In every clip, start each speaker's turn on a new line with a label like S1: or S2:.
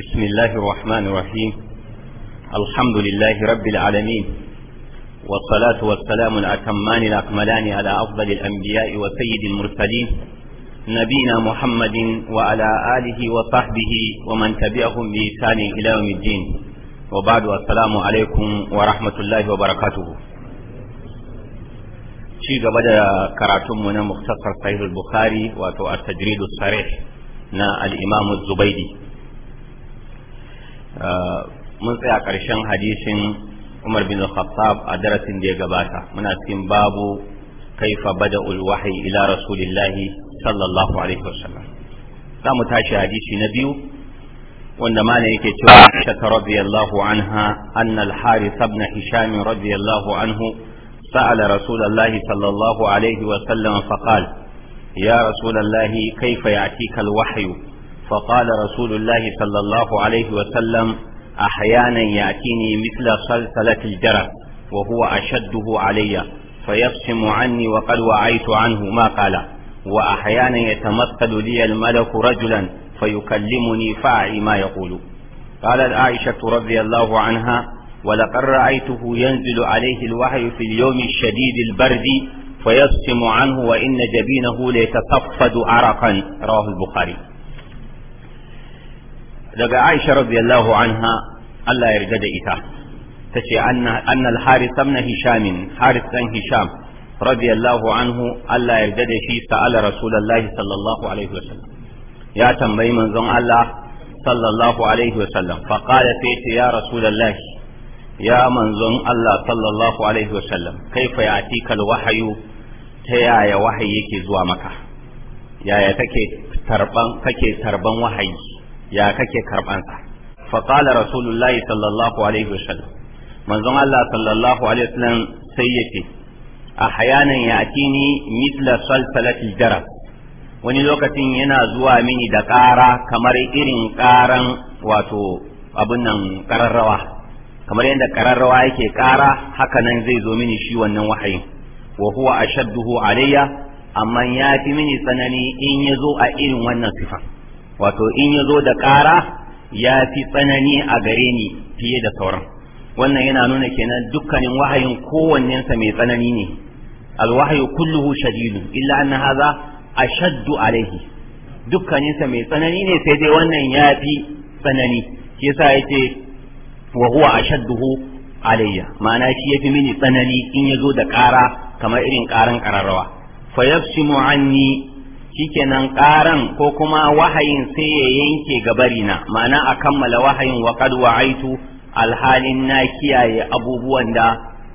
S1: بسم الله الرحمن الرحيم الحمد لله رب العالمين والصلاة والسلام الأتمان الأكملان على أفضل الأنبياء وسيد المرسلين نبينا محمد وعلى آله وصحبه ومن تبعهم بإحسان إلى يوم الدين وبعد السلام عليكم ورحمة الله وبركاته ci gaba da karatunmu na muktasar sahih al-bukhari wato at-tajrid as-sarih na al-imam az-zubaydi mun tsaya ƙarshen hadisin Umar bin al Khattab a darasin da ya gabata muna cikin babu kaifa bada'ul wahyi ila rasulillahi sallallahu alaihi wasallam za mu tashi hadisi na biyu wanda mana yake cewa Aisha radiyallahu anha anna al-Harith ibn Hisham radiyallahu anhu سأل رسول الله صلى الله عليه وسلم فقال يا رسول الله كيف يأتيك فقال رسول الله صلى الله عليه وسلم أحيانا يأتيني مثل صلصلة الجرس وهو أشده علي فيقسم عني وقد وعيت عنه ما قال وأحيانا يتمثل لي الملك رجلا فيكلمني فاعي ما يقول قالت عائشة رضي الله عنها ولقد رأيته ينزل عليه الوحي في اليوم الشديد البرد فيقسم عنه وإن جبينه ليتصفد عرقا رواه البخاري daga Aisha radiyallahu anha Allah ya yarda da ita ta ce anna al-Harith na Hishamin, Haris, dan Hisham radiyallahu anhu Allah ya yarda da shi sa'ala Rasulullahi sallallahu alaihi sallam, ya tambayi manzon Allah sallallahu alaihi sallam, fa qala fi ya Rasulullahi ya manzon Allah sallallahu alaihi wasallam kaifa ya'tika al-wahyu ta yaya wahayi yake zuwa maka yaya kake tarban kake tarban wahayi ya kake karbansa fa qala rasulullahi sallallahu alaihi wasallam manzon Allah sallallahu alaihi wasallam sai yake a hayanan ya atini mithla salsalati jarab wani lokacin yana zuwa mini da ƙara kamar irin ƙaran wato abun nan ƙararrawa kamar yadda ƙararrawa yake ƙara haka nan zai zo mini shi wannan wahayin wa huwa ashadduhu alayya amma ya fi mini tsanani in ya zo a irin wannan sifa wato in ya zo da ƙara ya fi tsanani a gare ni fiye da sauran wannan yana nuna kenan dukkanin wahayin kowannensa mai tsanani ne alwahayu kulluhu shadidu illa anna haza ashaddu alaihi dukkaninsa mai tsanani ne sai dai wannan ya fi tsanani shi yasa yace wa huwa ashadduhu alayya ma'ana shi yafi mini tsanani in yazo da ƙara kamar irin ƙaran ƙararrawa fa yafsimu anni shikenan ƙaran ko kuma wahayin sai ya yanke gabarina ma'ana a kammala wahayin wa kad wa'aitu alhalin na kiyaye abubuwan da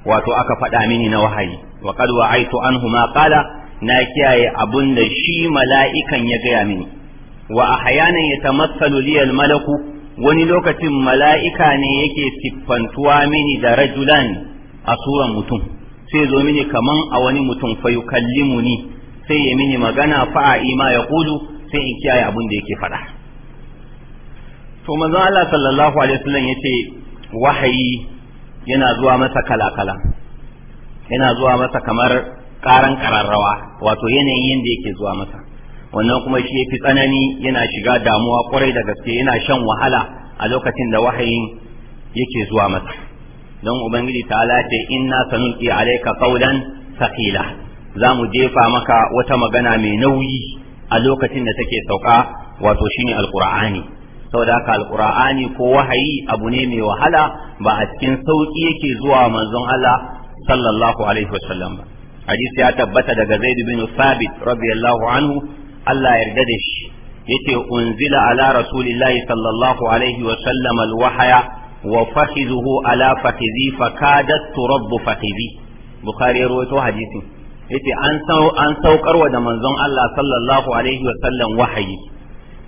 S1: wato aka faɗa mini na wahayi wa kad wa'aitu anhu ma qala na kiyaye abun da shi mala'ikan ya gaya mini wa ahyana yatamassalu li malaku wani lokacin mala'ika ne yake siffantuwa mini da rajulan a suran mutum sai zo mini kaman a wani mutum fa yukallimuni sai ya mini magana fa'a ima ya kulu sai in kiyaye abin da yake faɗa to manzon Allah sallallahu alaihi wasallam yace wahayi yana zuwa masa kala-kala yana zuwa masa kamar karan kararrawa wato yanayin yanda yake zuwa masa wannan kuma shi yafi tsanani yana shiga damuwa kwarai da gaske yana shan wahala a lokacin da wahayin yake zuwa masa don ubangiji ta ce inna sanulqi alayka qawlan thaqila za mu jefa maka wata magana mai nauyi a lokacin da take sauka wato shine alqur'ani saboda haka alqur'ani ko wahayi abu ne mai wahala ba a cikin sauki yake zuwa manzon Allah sallallahu alaihi wasallam ba hadisi ya tabbata daga Zaid bin Thabit radiyallahu anhu Allah yarda da shi yace unzila ala rasulillahi sallallahu alaihi wasallam alwahaya wa fakhizuhu ala fakhizi fakadat turaddu fakhizi bukhari ya rawaito hadisin yace an sau an saukarwa da manzon Allah sallallahu alaihi wa sallam wahayi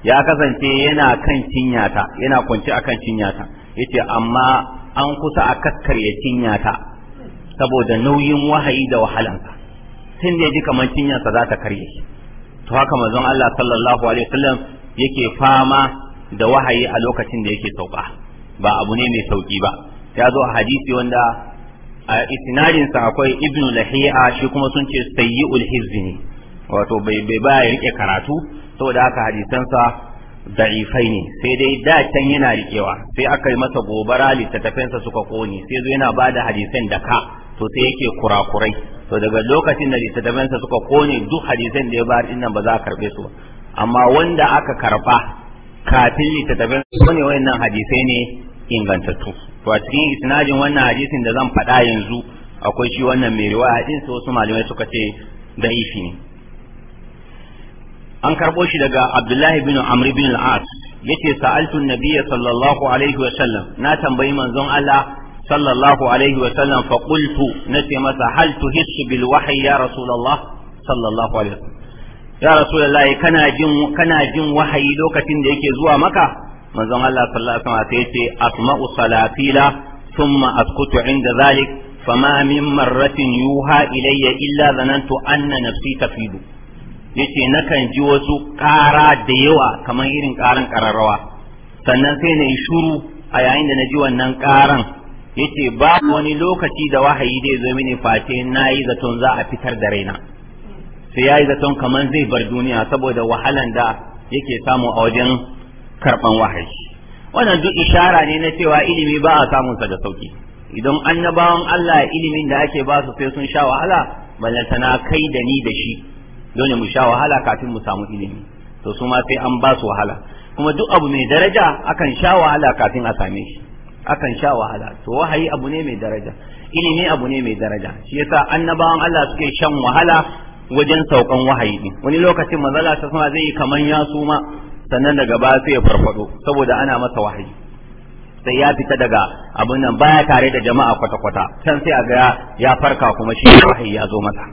S1: ya kasance yana kan cinyata yana kwanci akan cinyata yace amma an kusa a cinya cinyata saboda nauyin wahayi da wahalansa tun da ji kamar cinyarsa za ta karye shi to haka manzon Allah sallallahu alaihi wasallam yake fama da wahayi a lokacin da yake sauka ba abu ne mai sauki ba ya zo a hadisi wanda a isnadin sa akwai ibnu lahiya shi kuma sun ce sayyi'ul hizni wato bai bai ba ya rike karatu saboda haka hadisan sa da'ifai ne sai dai da can yana rikewa sai aka yi masa gobara littattafan suka kone sai zo yana bada hadisan da ka to sai yake kurakurai to daga lokacin da littattafan suka kone duk hadisan da ya ba din nan ba za a karbe su amma wanda aka karba kafin littattafan su ne wayannan hadisai ne ingantattu to a cikin isnadin wannan hadisin da zan faɗa yanzu akwai shi wannan mai riwaya hadin sai wasu malamai suka ce da'ifi ne an karɓo shi daga Abdullahi bin Amri bin al yace sa'altu an-nabiyya sallallahu alaihi wa sallam na tambayi manzon Allah sallallahu alaihi wa sallam fa qultu nace masa hal tuhissu bil wahyi ya rasulullah sallallahu alaihi wa sallam ya rasulullah kana jin kana jin wahayi lokacin da yake zuwa maka manzon Allah sallallahu alaihi wasallam yace asma'u salatila thumma askutu inda zalik fama min marratin yuha ilayya illa zanantu anna nafsi tafidu yace nakan ji wasu ƙara da yawa kamar irin ƙaran ƙararrawa sannan sai na yi shuru a yayin da na ji wannan ƙaran yace ba wani lokaci da wahayi dai zo mini face na yi zaton za a fitar da raina sai ya yi zaton kamar zai bar duniya saboda wahalan da yake samu a wajen karban wahayi wannan duk ishara ne na cewa ilimi ba a samun sa da sauki idan annabawan Allah ilimin da ake ba su sai sun sha wahala ballantana kai da ni da shi dole mu sha wahala kafin mu samu ilimi to su ma sai an ba su wahala kuma duk abu mai daraja akan sha wahala kafin a same shi akan sha wahala to wahayi abu ne mai daraja ilimi abu ne mai daraja shi yasa annabawan Allah suke shan wahala wajen saukan wahayi din wani lokacin mazala ta sama zai yi kaman ya suma sannan daga ba sai ya farfado saboda ana masa wahayi sai ya fita daga abin nan baya tare da jama'a kwata-kwata can sai a ga ya farka kuma shi wahayi ya zo masa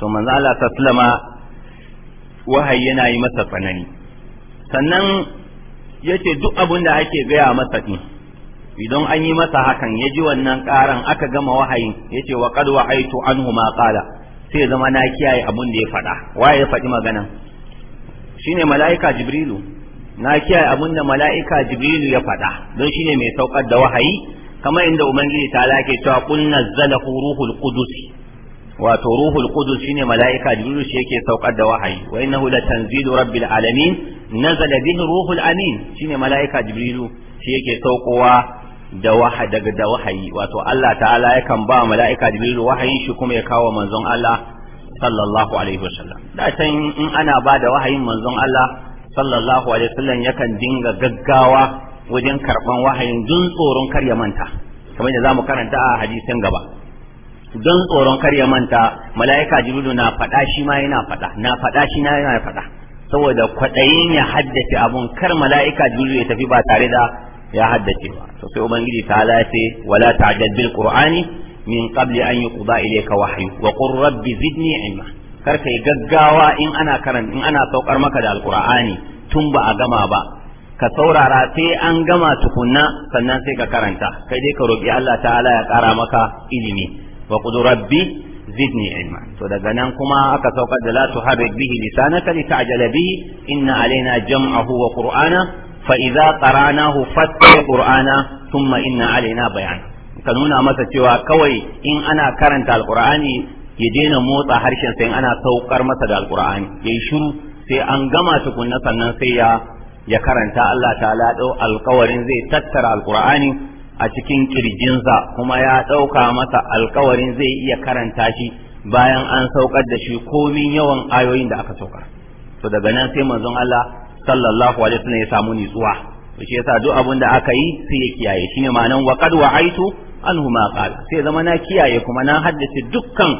S1: to manzo Allah sallama wahayi yana yi masa tsanani sannan yace duk abin da ake gaya masa din idan an yi masa hakan ya ji wannan karan aka gama wahayin yace ce wa qad wa'aitu anhu ma qala sai zama na kiyaye abun da ya faɗa waye ya faɗi maganan shine mala'ika jibrilu na kiyaye abin da mala'ika jibrilu ya faɗa don shine mai saukar da wahayi kamar inda ubangiji ta lake cewa qul nazzalahu ruhul qudus wato ruhul qudus shine mala'ika jibrilu shi yake saukar da wahayi wa innahu la tanzilu rabbil alamin nazala bihi ruhul amin shine mala'ika jibrilu shi yake saukowa da daga da wahayi wato Allah ta'ala yakan ba mala'ika jibrilu wahayin shi kuma ya kawo manzon Allah sallallahu alaihi wasallam da can in ana ba da wahayin manzon Allah sallallahu alaihi wasallam yakan dinga gaggawa wajen karban wahayin dun tsoron kar ya manta kamar da zamu karanta a hadisin gaba don tsoron kar ya manta mala'ika jibrilu na faɗa shi ma yana faɗa na faɗa shi na yana faɗa saboda kwaɗayin ya haddace abun kar mala'ika jibrilu ya tafi ba tare da ya haddace ba to sai ubangiji ta lafe wala ta'jal bil qur'ani min qabli an yuqda ilayka wahyu wa qur rabbi zidni ilma kar kai gaggawa in ana karan in ana saukar maka da alqur'ani tun ba a gama ba ka saurara sai an gama tukunna sannan sai ka karanta kai dai ka roki Allah ta'ala ya kara maka ilimi wa qur rabbi zidni ilma to daga nan kuma aka saukar da la tuharrik bihi lisanaka litajala bihi inna alaina jam'ahu wa qur'ana fa idza qara'nahu fattabi qur'ana thumma inna alaina bayan. ka nuna masa cewa kawai in ana karanta alkur'ani ya daina motsa harshen sai ana saukar masa da Ya yi shiru sai an gama tukunna sannan sai ya ya karanta Allah ta'ala dau alƙawarin zai tattara alkur'ani a cikin kirjinsa kuma ya ɗauka masa alkawarin zai iya karanta shi bayan an saukar da shi komin yawan ayoyin da aka saukar to daga nan sai manzon Allah sallallahu alaihi wasallam ya samu nitsuwa to shi yasa duk abin da aka yi sai ya kiyaye shine ma'anan wa qad wa'aitu anhu ma qala sai zama na kiyaye kuma na haddace dukkan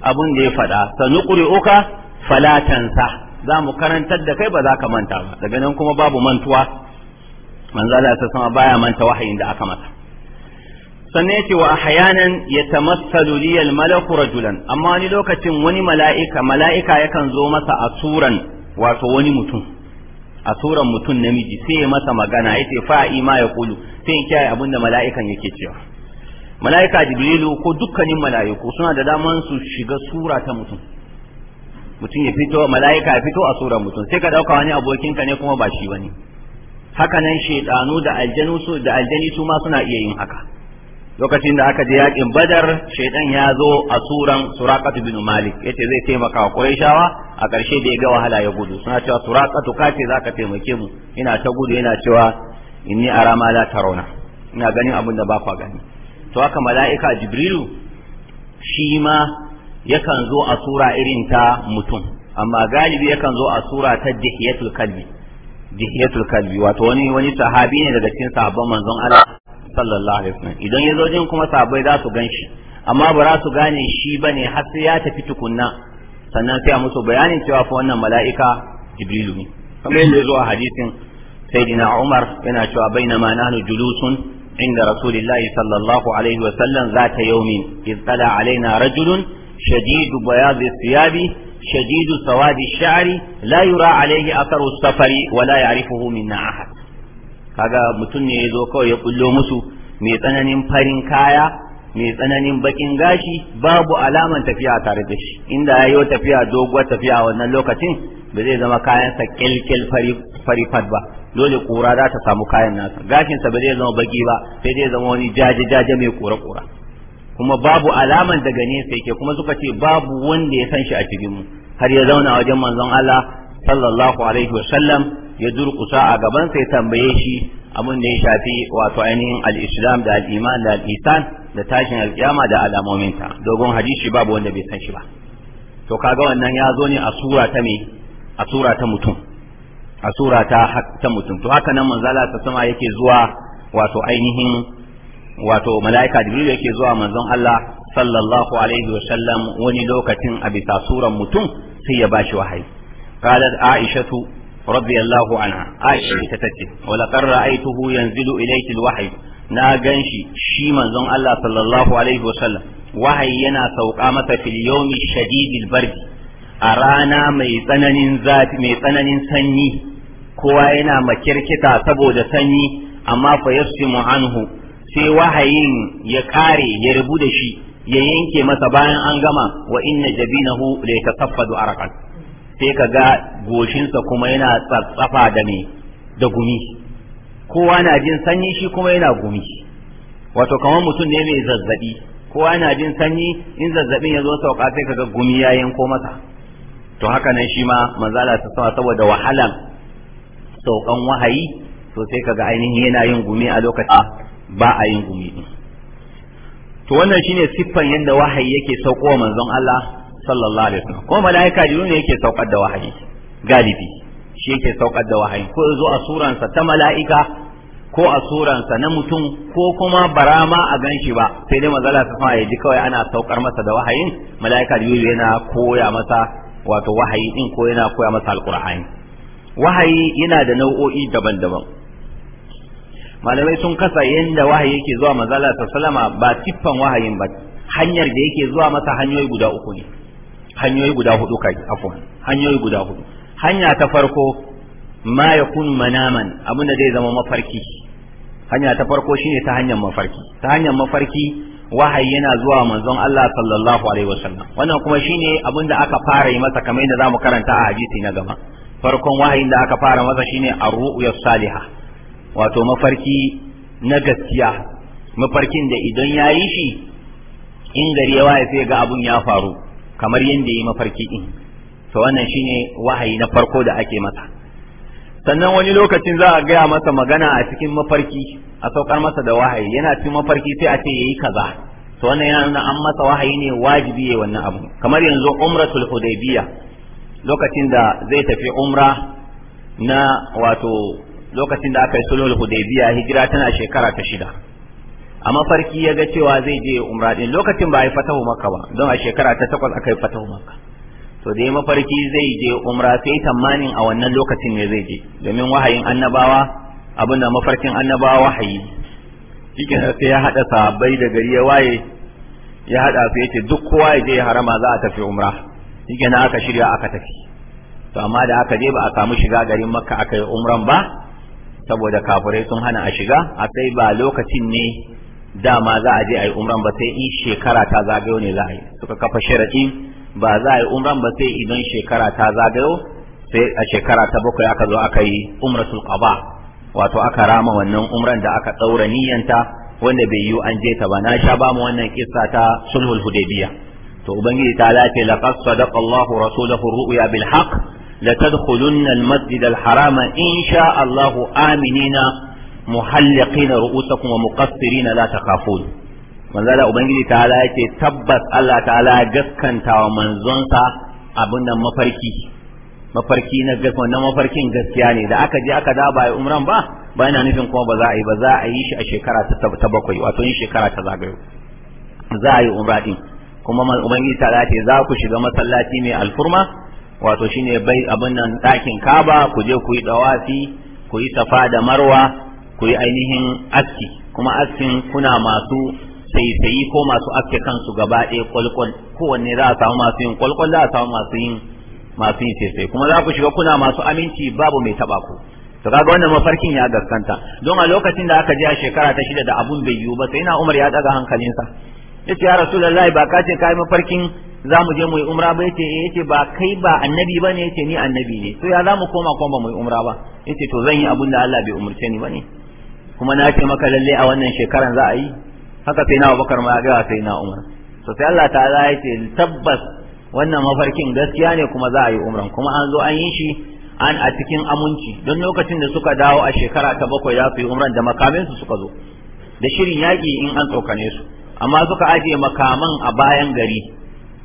S1: abun da ya faɗa sanuqri'uka fala tansa za mu karantar da kai ba za ka manta ba daga nan kuma babu mantuwa manzo Allah ta sama baya manta wahayin da aka masa sannan yace wa ahyanan yatamassalu li al rajulan amma ni lokacin wani mala'ika mala'ika yakan zo masa a suran wato wani mutum a suran mutum namiji sai ya masa magana yace fa ima ya kulu sai in kiyaye abunda mala'ikan yake cewa mala'ika jibrilu ko dukkanin mala'iku suna da daman su shiga sura ta mutum mutum ya fito mala'ika ya fito a sura mutum sai ka dauka wani abokinka ne kuma ba shi bane haka nan shaytanu da aljanu su da aljani su ma suna iya yin haka lokacin da aka je yakin badar shaidan ya zo a suran suraqatu bin malik yace zai taimaka wa quraishawa a karshe da ya ga wahala ya gudu suna cewa suraqatu kace zaka taimake mu ina ta gudu yana cewa inni arama la tarawna ina ganin abin da ba ku gani to haka mala'ika jibrilu shi ma yakan zo a irin ta mutum amma galibi yakan zo a sura ta dihiyatul kalbi kalbi wato wani wani sahabi ne daga cikin sahabban manzon Allah sallallahu alaihi wasallam idan ya zo jin kuma sahabbai za su ganshi amma ba za su gane shi bane har sai ya tafi tukunna sannan sai a musu bayanin cewa fa wannan mala'ika jibrilu ne kamar yadda ya zo a hadisin sayyidina Umar yana cewa bainama nahnu julusun عند رسول الله صلى الله عليه وسلم ذات يوم إذ طلع علينا رجل شديد بياض الثياب شديد سواد الشعر لا يرى عليه أثر السفر ولا يعرفه منا أحد kaga mutum ne ya zo kawai ya kullo musu mai tsananin farin kaya mai tsananin bakin gashi babu alaman tafiya tare da shi inda ya yi tafiya doguwar tafiya wannan lokacin ba zai zama kayansa kilkil fari ba dole kura za ta samu kayan nasa gashinsa ba zai zama baki ba sai zai zama wani jaje jaje mai kura kura kuma babu alaman daga nesa yake kuma suka ce babu wanda ya san shi a cikin mu har ya zauna wajen manzon Allah sallallahu alaihi wa sallam ya durkusa a gaban sai tambaye shi abin da ya shafi wato ainihin al-islam da al-iman da al-isan da tashin al-kiyama da alamominta dogon hadisi babu wanda bai san shi ba to kaga wannan ya zo ne a sura ta me a sura ta mutum a sura ta ta mutum to haka nan manzo Allah ta sama yake zuwa wato ainihin wato mala'ika jibril yake zuwa manzon Allah sallallahu alaihi wa sallam wani lokacin a bisa suran mutum sai ya bashi wahayi qalat aishatu radiyallahu anha aisha ta tace wa laqad ra'aytuhu yanzilu ilayki alwahyi na ganshi shi manzon Allah sallallahu alaihi wa sallam wahayi yana sauka masa fil yawmi shadidil bardi a rana mai tsananin zafi mai tsananin sanyi kowa yana makirkita saboda sanyi amma fa yasfimu anhu sai wahayin ya kare ya rubu da shi ya yanke masa bayan an gama wa inna jabinahu la yatasaffadu arqan sai kaga goshinsa kuma yana tsatsafa da me da gumi kowa na jin sanyi shi kuma yana gumi wato kamar mutum ne mai zazzabi kowa na jin sanyi in zazzabin ya zo sauka sai kaga gumi ya yanko masa to haka nan shi ma manzala ta sama saboda wahalan saukan wahayi to sai kaga ainihin yana yin gumi a lokacin ba a yin gumi to wannan shine siffan yadda wahayi yake wa manzon Allah sallallahu alaihi wasallam kuma malaika jibril ne yake saukar da wahayi galibi shi yake saukar da wahayi ko zo a suransa ta mala'ika ko a suransa na mutum ko kuma barama a ganshi ba sai dai manzala ta sama ya ji kawai ana saukar masa da wahayin malaika jibril yana koya masa wato wahayi din ko yana koya masa alqur'ani wahayi yana da nau'o'i daban-daban malamai sun kasa yanda wahayi yake zuwa manzala salama ba tiffan wahayin ba hanyar da yake zuwa masa hanyoyi guda uku ne hanyoyi guda hudu kai afwan hanyoyi guda hudu hanya ta farko ma yakunu manaman abin da zai zama mafarki hanya ta farko shine ta hanyar mafarki ta hanyar mafarki wahayi yana zuwa manzon Allah sallallahu alaihi wasallam wannan kuma shine abin da aka fara yi masa kamar yadda zamu karanta a hadisi na gaba farkon wahayin da aka fara masa shine ar-ru'ya saliha wato mafarki na gaskiya mafarkin da idan yayi shi in gari ya waye sai ga abun ya faru kamar yadda ya yi mafarki din to wannan shine wahayi na farko da ake masa sannan wani lokacin za a gaya masa magana a cikin mafarki a saukar masa da wahayi yana cikin mafarki sai a ce ya yi kaza to wannan yana nuna an masa wahayi ne wajibi ya wannan abu kamar yanzu umratul hudaybiya lokacin da zai tafi umra na wato lokacin da aka yi sulhul hudaybiya hijira tana shekara ta shida a mafarki ya ga cewa zai je umra din lokacin ba a yi fatahu makka ba don a shekara ta takwas aka yi fatahu makka to dai mafarki zai je umra sai tamanin a wannan lokacin ne zai je domin wahayin annabawa abin da mafarkin annabawa wahayi shike sai ya hada sahabbai da gari ya waye ya hada su yace duk kowa ya je harama za a tafi umra shike na aka shirya aka tafi to amma da aka je ba a samu shiga garin makka aka yi umran ba saboda kafirai sun hana a shiga a sai ba lokacin ne dama za a je a yi umran ba sai in shekara ta zagayo ne za a yi suka kafa sharadi ba za a yi umran ba sai idan shekara ta zagayo sai a shekara ta bakwai aka zo aka yi umratul qaba wato aka rama wannan umran da aka daura niyyanta wanda bai yi an je ta ba na sha ba mu wannan kissa ta sulhul hudaybiya to ubangiji ta lace laqad sadaqa Allahu rasulahu ru'ya bil haqq لتدخلن المسجد الحرام إن شاء الله آمنين محلقين رؤوسكم ومقصرين لا تخافون manzala ubangiji ta'ala ya ce tabbas Allah ta'ala ya gaskanta wa manzonsa abin nan mafarki mafarki na gaskiya na mafarkin gaskiya ne da aka je aka da ba umran ba ba yana nufin kuma ba za a yi ba za a yi shi a shekara ta bakwai wato yin shekara ta zagayo za a yi umra din kuma ubangiji ta ce za ku shiga masallaci mai alfurma wato shine bai abin nan ɗakin kaba ku je ku yi dawafi ku yi safa da marwa ku yi ainihin aski kuma askin kuna masu saisayi ko masu aske kansu gaba ɗaya kwalkwal kowanne za a samu masu yin kwalkwal za a samu masu yin masu yin saisayi kuma za ku shiga kuna masu aminci babu mai taɓa ku to kaga wannan mafarkin ya gaskanta don a lokacin da aka je a shekara ta shida da abun bai yiwu ba sai na Umar ya ɗaga hankalinsa Ya ce ya rasu Rasulullahi ba ka ce mafarkin za mu je mu yi umra ba yace eh, ya ce ba kai ba annabi ba ne yace ni annabi ne to ya za mu koma kuma ba mu yi umra ba yace to zan yi abun da Allah bai umurce ni ba ne kuma na ce maka lallai a wannan shekaran za a yi haka sai na Abubakar ma ya ga sai na Umar to sai Allah ta'ala ya ce tabbas wannan mafarkin gaskiya ne kuma za a yi umran kuma an zo an yi shi an a cikin aminci don lokacin da suka dawo a shekara ta bakwai za su yi umran da makamin su suka zo da shirin yaƙi in an tsokane su amma suka ajiye makaman a bayan gari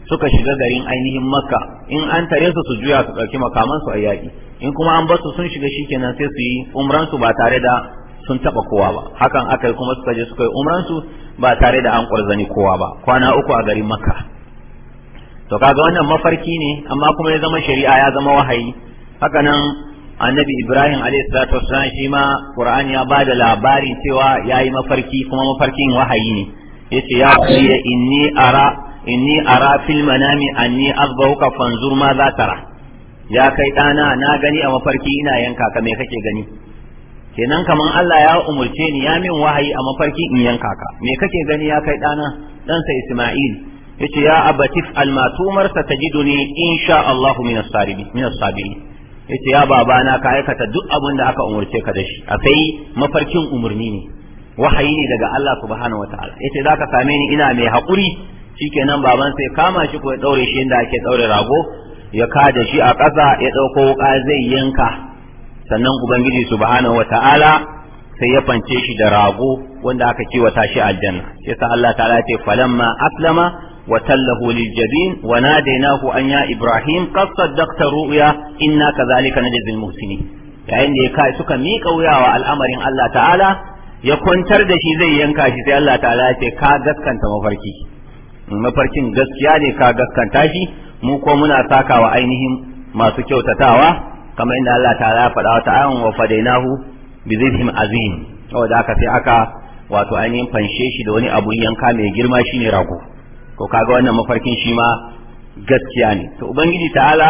S1: suka shiga garin ainihin makka in an tare su su juya su ɗauki makaman su a yaƙi in kuma an basu sun shiga shikenan sai su yi umran su ba tare da sun taba kowa ba hakan aka yi kuma suka je suka yi umransu ba tare da an kwarzani kowa ba kwana uku a garin makka to kaga wannan mafarki ne amma kuma ya zama shari'a ya zama wahayi haka nan annabi ibrahim alayhi salatu wassalam shi ma qur'ani ya bada labarin cewa yayi mafarki kuma mafarkin wahayi ne yace ya qali inni ara inni ara fil manami anni azbahuka fanzur ma za tara ya kai dana na gani a mafarki ina yanka ka me kake gani kenan kaman Allah ya umurce ni ya min wahayi a mafarki in yanka ka me kake gani ya kai dana dan sa Isma'il yace ya abatif almatumar satajiduni insha Allahu min as-sabirin min as-sabirin yace ya babana ka aikata duk abin da aka umurce ka da shi akai mafarkin umurni ne wahayi ne daga Allah subhanahu wataala yace zaka same ni ina mai hakuri shikenan baban sai kama shi ko ya daure shi inda ake daure rago ya kada shi a ƙasa ya dauko wuka zai yanka sannan ubangiji subhanahu ta'ala sai ya fance shi da rago wanda aka kiwata shi aljanna sai sa Allah ta'ala ce falamma aslama wa tallahu liljabin wa nadainahu an ya ibrahim qad saddaqta ru'ya inna kadhalika najzil muhsinin yayin da ya kai suka miƙa wuyawa al'amarin Allah ta'ala ya kwantar da shi zai yanka shi sai Allah ta'ala ya ce ka gaskanta mafarki mafarkin gaskiya ne ka gaskanta shi mu ko muna sakawa ainihin masu kyautatawa kamar inda Allah ta'ala ya faɗa wa ayan wa fadainahu bi zibhim azim saboda haka sai aka wato ainihin fanshe shi da wani abun yanka mai girma shine rago Ko kaga wannan mafarkin shi ma gaskiya ne to ubangiji ta'ala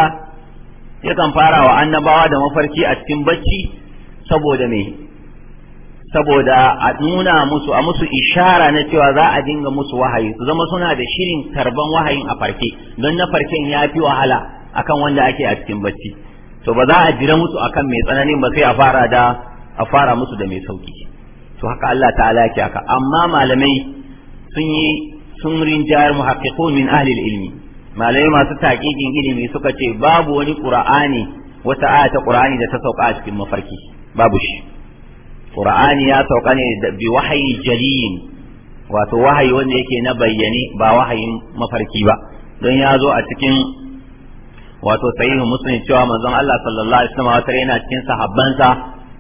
S1: ya kan fara wa annabawa da mafarki a cikin bacci saboda me saboda a nuna musu a musu ishara na cewa za a dinga musu wahayi su zama suna da shirin karban wahayin a farke don na farken ya fi wahala akan wanda ake a cikin bacci to ba za a jira musu akan mai tsananin ba sai a fara da a fara musu da mai sauki to haka Allah ta'ala yake haka amma malamai sun yi sun rinjayar muhaqqiqun min ahli ilmi malamai masu taqiqin ilimi suka ce babu wani qur'ani wata aya ta qur'ani da ta sauka a cikin mafarki babu shi qur'ani ya sauka ne bi wahayi jaliyin wato wahayi wanda yake na bayyane ba wahayin mafarki ba don ya zo a cikin wato sahihu muslim cewa manzon Allah sallallahu alaihi wasallam wata yana cikin sahabbansa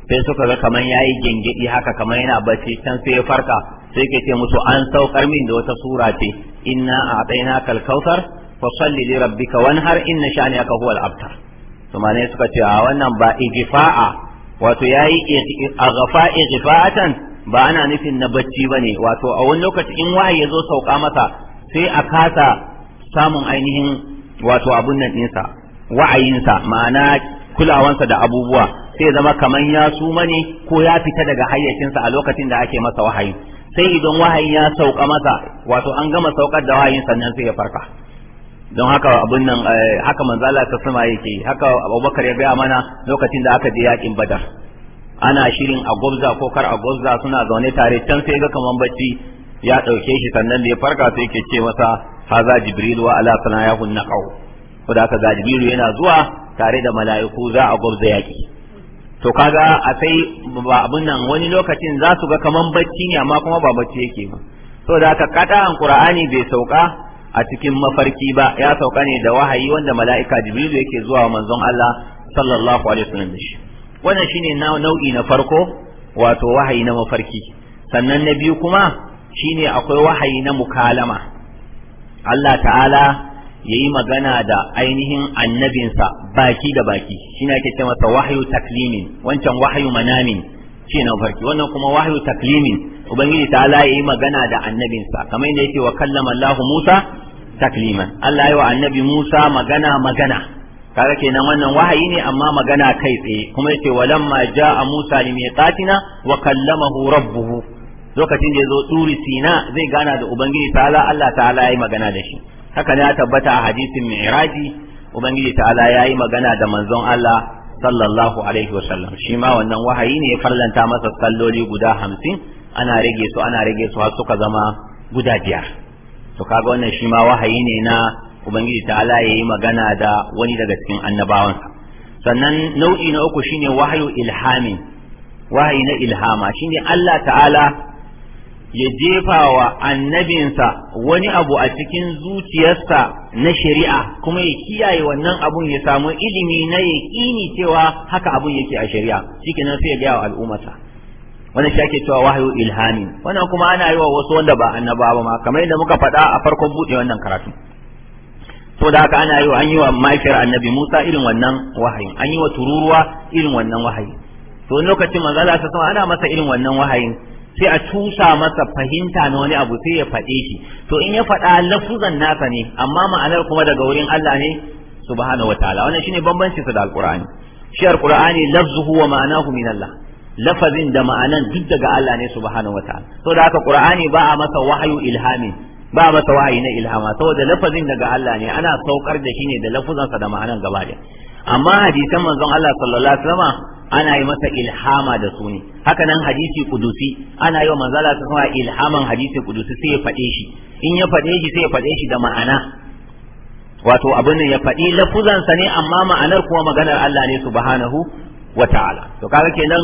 S1: sai suka ga kaman yayi gingidi haka kaman yana bacci can sai ya farka sai ke ce musu an saukar min da wata sura ce inna a'taina kal kautsar fa salli li rabbika wanhar inna shani'aka huwal abtar to mane suka ce a wannan ba igfa'a wato yayi aghafa igfa'atan ba ana nufin na bacci bane wato a wani lokaci in wahayi ya zo sauka masa sai a kasa samun ainihin wato abun nan ɗinsa wa'ayinsa ma'ana kulawansa da abubuwa sai zama kaman ya suma ne ko ya fita daga hayyacinsa a lokacin da ake masa wahayi sai idan wahayi ya sauka masa wato an gama saukar da wahayin sannan sai ya farka don haka abun nan eh, haka manzala ta sama yake haka abubakar ya gaya mana lokacin da aka je yakin badar ana shirin a gwabza ko kar a gwabza suna zaune tare can sai ga kaman bacci ya ɗauke shi sannan da ya farka sai ke ce masa haza jibril wa ala sanayahun naqau ko da aka jibril yana zuwa tare da mala'iku za a gwabza yaki to kaga a sai abin nan wani lokacin za su ga kaman bacci ne amma kuma ba bacci yake ba to da aka kada qur'ani bai sauka a cikin mafarki ba ya sauka ne da wahayi wanda mala'ika jibril yake zuwa manzon Allah sallallahu alaihi wasallam shi wannan shine nau'i na farko wato wahayi na mafarki sannan na biyu kuma shine akwai wahayi na mukalama Allah ta'ala yayi magana da ainihin annabinsa baki da baki shine ake ce masa wahayu taklimin wancan wahayu manamin ce na farki wannan kuma wahayu taklimin ubangiji ta'ala yayi magana da annabinsa kamar yadda yake wa kallama Allah Musa takliman Allah yayi wa annabi Musa magana magana kaga kenan wannan wahayi ne amma magana kai tsaye kuma yace walamma jaa Musa limiqatina wa kallamahu rabbuhu lokacin da ya zo turi sina zai gana da ubangiji ta'ala Allah ta'ala ya yi magana da shi haka ne ya tabbata a hadisin mi'raji ubangiji ta'ala ya yi magana da manzon Allah sallallahu alaihi wa sallam shi ma wannan wahayi ne ya farlanta masa salloli guda hamsin ana rage su ana rage su har suka zama guda biyar to kaga wannan shi ma wahayi ne na ubangiji ta'ala ya yi magana da wani daga cikin annabawansa sannan nau'i na uku shine wahayu ilhamin wahayi na ilhama shine Allah ta'ala ya jefa wa annabinsa wani abu a cikin zuciyarsa na shari'a kuma ya kiyaye wannan abun ya samu ilimi na ya yaƙini cewa haka abun yake a shari'a nan sai ya gaya wa al'ummata wannan shi ake cewa wahayu ilhami wannan kuma ana yi wa wasu wanda ba annaba ba ma kamar yadda muka faɗa a farkon buɗe wannan karatu to da haka ana yi wa an yi wa mahaifiyar annabi Musa irin wannan wahayin an yi wa tururuwa irin wannan wahayin to lokacin manzo Allah ta ana masa irin wannan wahayin sai a cusa masa fahimta na wani abu sai ya faɗe shi to in ya faɗa lafuzan nasa ne amma ma'anar kuma daga wurin Allah ne subhanahu wataala wannan shine bambanci sa da alqur'ani shi alqur'ani lafzuhu wa ma'anahu min Allah lafazin da ma'anan duk daga Allah ne subhanahu wataala to da haka qur'ani ba a masa wahayu ilhami ba a masa wahayi na ilhama saboda lafazin daga Allah ne ana saukar da shi ne da lafuzansa da ma'anan gaba ɗaya amma hadisan manzon Allah sallallahu alaihi wasallam ana yi masa ilhama da su ne haka nan hadisi kudusi ana yi wa manzon Allah sallallahu alaihi wasallam ilhaman hadisi kudusi sai ya faɗe shi in ya faɗe shi sai ya faɗe shi da ma'ana wato abin ya faɗi lafuzansa ne amma ma'anar kuma maganar Allah ne subhanahu wa ta'ala to kaga kenan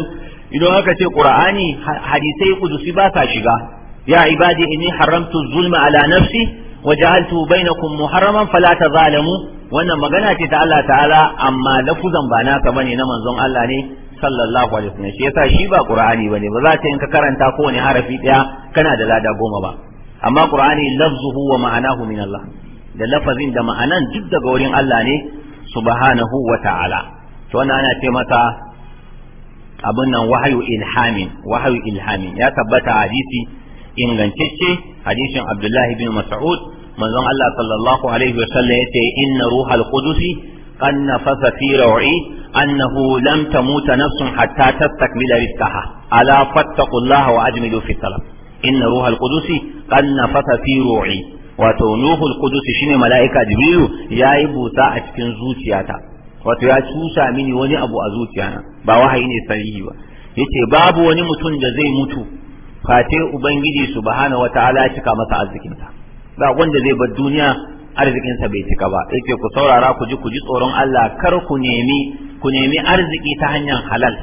S1: idan aka ce qur'ani hadisai kudusi ba sa shiga ya ibadi inni haramtu zulma ala nafsi وجعلته بينكم محرما فلا تظالموا wannan magana ce ta Allah ta'ala amma lafuzan ba naka bane na manzon Allah ne sallallahu alaihi wasallam shi yasa shi ba qur'ani bane ba za ta in ka karanta kowane harafi daya kana da lada goma ba amma qur'ani lafzuhu wa ma'anahu min Allah da lafazin da ma'anan duk daga wurin Allah ne subhanahu wa ta'ala to wannan ana ce mata abun nan wahayu ilhami, wahayu ilhami. ya tabbata hadisi ingantacce hadisin Abdullahi bin Mas'ud manzon Allah sallallahu alaihi wa sallam yace inna ruhal qudusi qad nafasa fi ru'i annahu lam tamut nafsun hatta tastakmila rizqaha ala fattaqullaha wa ajmilu fi talab inna ruhal qudusi qad nafasa fi ru'i wato nuhul qudusi shine mala'ika jibrilu yayi buta a cikin zuciyata wato ya cusa mini wani abu a zuciyana ba wahayi ne sarihi ba yace babu wani mutum da zai mutu fate ubangiji subhanahu wataala ya cika masa ta. ba wanda zai bar duniya arzikinsa bai cika ba yake ku saurara ku ji ku ji tsoron Allah kar ku nemi ku nemi arziki ta hanyar halal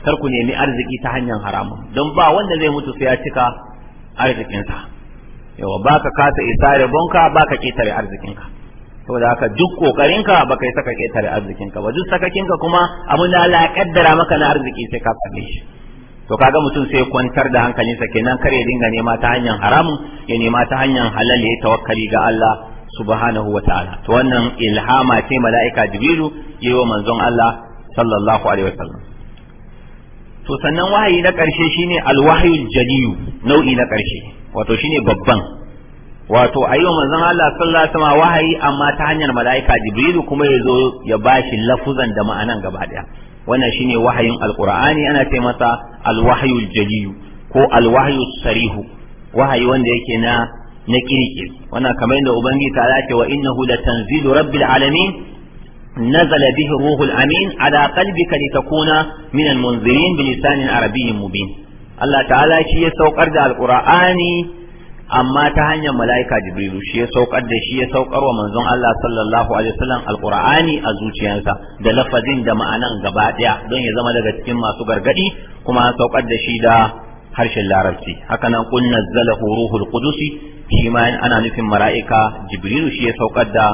S1: kar ku nemi arziki ta hanyar haramun don ba wanda zai mutu sai ya cika arzikinsa yawa baka kasa isa bonka baka ketare arzikinka saboda haka duk ka baka yi saka ketare arzikinka ba duk sakakinka kuma abin da Allah ya kaddara maka na arziki sai ka same shi to kaga mutum sai kwantar da hankalinsa kenan kar ya dinga nema ta hanyar haramun ya nema ta hanyar halal ya tawakkali ga Allah subhanahu wa ta'ala to wannan ilhama ce mala'ika jibrilu yiwa manzon Allah sallallahu alaihi wasallam to sannan wahayi na karshe shine alwahayul jaliyu nau'i na karshe wato shine babban wato ayi wa manzon Allah sallallahu alaihi wasallam wahayi amma ta hanyar mala'ika Jibrilu kuma ya zo ya bashi lafuzan da ma'anan gaba daya wannan shine wahayin alqur'ani ana ce masa alwahayu jaliyu ko alwahayu sarihu wahayi wanda yake na na kirkir wana kamar yadda ubangiji ta lafi wa innahu la tanzilu rabbil alamin nazala bihi ruhul amin ala qalbika litakuna min almunzirin bi lisanin arabiyyin mubin Allah ta'ala shi ya saukar da alqur'ani amma ta hanyar malaika jibrilu shi ya saukar da shi ya saukar wa manzon Allah sallallahu alaihi wasallam alqur'ani a zuciyarsa da lafazin da ma'anan gaba daya don ya zama daga cikin masu gargadi kuma an saukar da shi da harshen larabci haka nan kun nazzalahu ruhul qudusi shi ma ana nufin mara'ika, jibrilu shi ya saukar da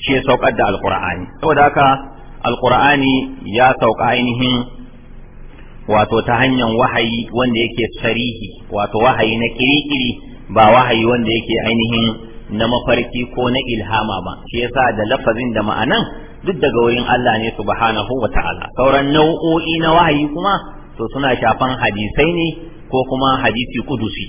S1: shi ya saukar da alqur'ani saboda haka alqur'ani ya sauka ainihin wato ta hanyar wahayi wanda yake sarihi wato wahayi na kirikiri ba wahayi wanda yake ainihin na mafarki ko na ilhama ba shi yasa da lafazin da ma'anan duk daga wurin Allah ne subhanahu wa ta'ala sauran nau'o'i na wahayi kuma to suna shafan hadisai ne ko kuma hadisi kudusi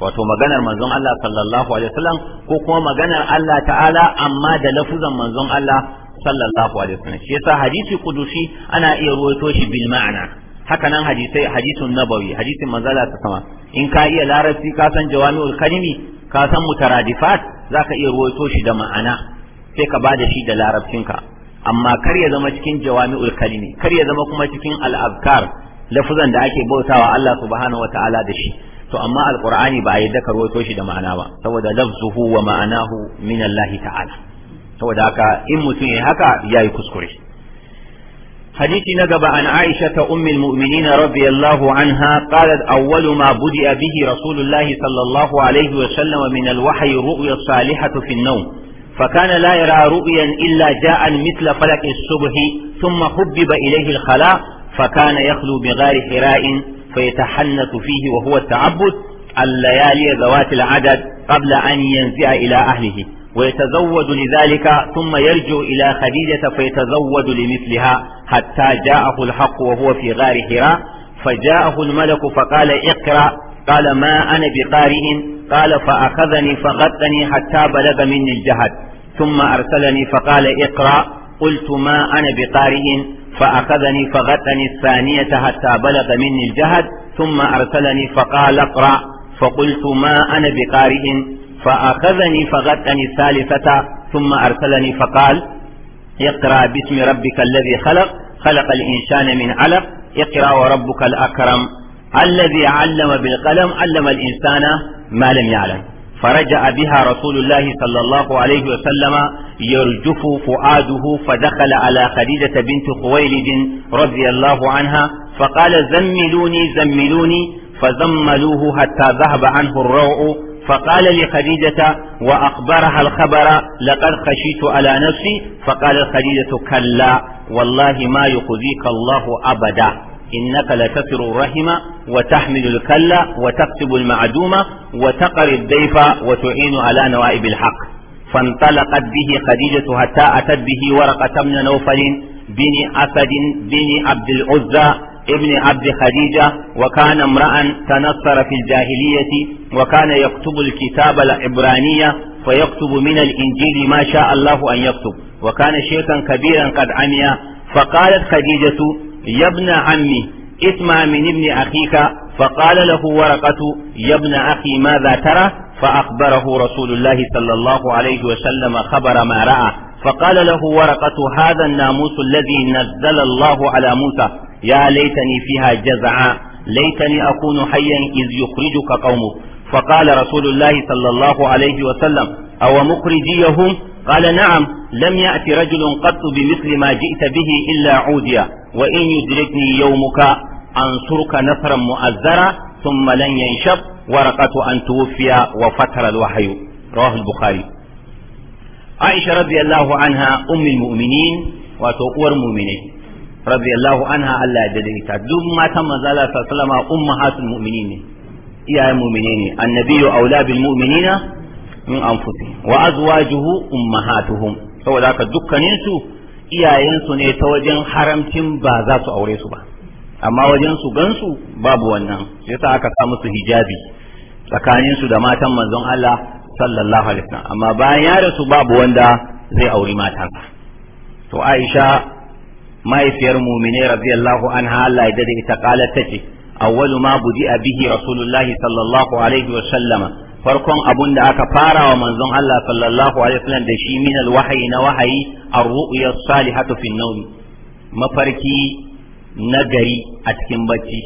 S1: wato maganar manzon Allah sallallahu alaihi wasallam ko kuma maganar Allah ta'ala amma da lafuzan manzon Allah sallallahu alaihi wasallam shi yasa hadisi kudusi ana iya ruwaito shi bil ma'ana haka nan hadisai hadisun nabawi hadisin manzon Allah sama in ka iya larabci ka san jawami'ul kalimi ka san mutaradifat zaka iya ruwaito shi da ma'ana sai ka bada shi da larabcinka amma kar ya zama cikin jawami'ul kalimi kar ya zama kuma cikin al-azkar lafuzan da ake bautawa Allah subhanahu wataala da shi to amma alqur'ani ba a yadda ka rawaito shi da ma'ana ba saboda lafzuhu wa ma'anahu min Allah ta'ala saboda haka in mutum ya haka yayi kuskure حديث نقب عن عائشة أم المؤمنين رضي الله عنها قالت أول ما بدأ به رسول الله صلى الله عليه وسلم من الوحي رؤيا الصالحة في النوم فكان لا يرى رؤيا إلا جاء مثل فلك الصبح ثم حبب إليه الخلاء فكان يخلو بغار حراء فيتحنث فيه وهو التعبد الليالي ذوات العدد قبل أن ينزع إلى أهله ويتزود لذلك ثم يرجع إلى خديجة فيتزود لمثلها حتى جاءه الحق وهو في غار حراء فجاءه الملك فقال اقرأ قال ما أنا بقارئ قال فأخذني فغطني حتى بلغ مني الجهد ثم أرسلني فقال اقرأ قلت ما أنا بقارئ فأخذني فغتني الثانية حتى بلغ مني الجهد ثم أرسلني فقال اقرأ فقلت ما أنا بقارئ فأخذني فغتني الثالثة ثم أرسلني فقال اقرأ باسم ربك الذي خلق خلق الإنسان من علق اقرأ وربك الأكرم الذي علم بالقلم علم الإنسان ما لم يعلم فرجع بها رسول الله صلى الله عليه وسلم يرجف فؤاده فدخل على خديجة بنت خويلد رضي الله عنها فقال زملوني زملوني فزملوه حتى ذهب عنه الروع فقال لخديجة وأخبرها الخبر لقد خشيت على نفسي فقال خديجة كلا والله ما يخزيك الله أبدا إنك لتسر الرحم وتحمل الكلة وتكتب المعدومة وتقري الضيف وتعين على نوائب الحق فانطلقت به خديجة حتى أتت به ورقة بن نوفل بن أسد بن عبد العزى ابن عبد خديجة وكان امرأ تنصر في الجاهلية وكان يكتب الكتاب العبرانية فيكتب من الإنجيل ما شاء الله أن يكتب وكان شيخا كبيرا قد عمي فقالت خديجة يا ابن عمي اسمع من ابن أخيك فقال له ورقة يا ابن أخي ماذا ترى فأخبره رسول الله صلى الله عليه وسلم خبر ما رأى فقال له ورقة هذا الناموس الذي نزل الله على موسى يا ليتني فيها جزعا ليتني أكون حيا إذ يخرجك قومك فقال رسول الله صلى الله عليه وسلم أو مخرجيهم قال نعم لم يأت رجل قط بمثل ما جئت به إلا عوديا وإن يدركني يومك أنصرك نصرا مؤزرا ثم لن ينشب ورقة أن توفي وفتر الوحي رواه البخاري عائشة رضي الله عنها أم المؤمنين وتقور المؤمنين رضي الله عنها ألا جدئتا دم ما تم زالة صلى الله عليه وسلم أمهات المؤمنين يا مؤمنين النبي أولى بالمؤمنين min anfusihim wa azwajuhu ummahatuhum saboda haka dukkanin su iyayensu ne ta wajen haramcin ba za su aure su ba amma wajen su gansu babu wannan sai yasa aka sa musu hijabi tsakanin su da matan manzon Allah sallallahu alaihi wasallam amma bayan ya rasu babu wanda zai auri matansa to Aisha mahaifiyar mumine radiyallahu anha Allah ya dade ita qalat tace awwalu ma budi bihi rasulullahi sallallahu alaihi wasallama farkon abun da aka fara wa manzon Allah sallallahu alaihi wasallam da shi min alwahyi na wahayi ar-ru'ya salihatu fi an mafarki na gari a cikin bacci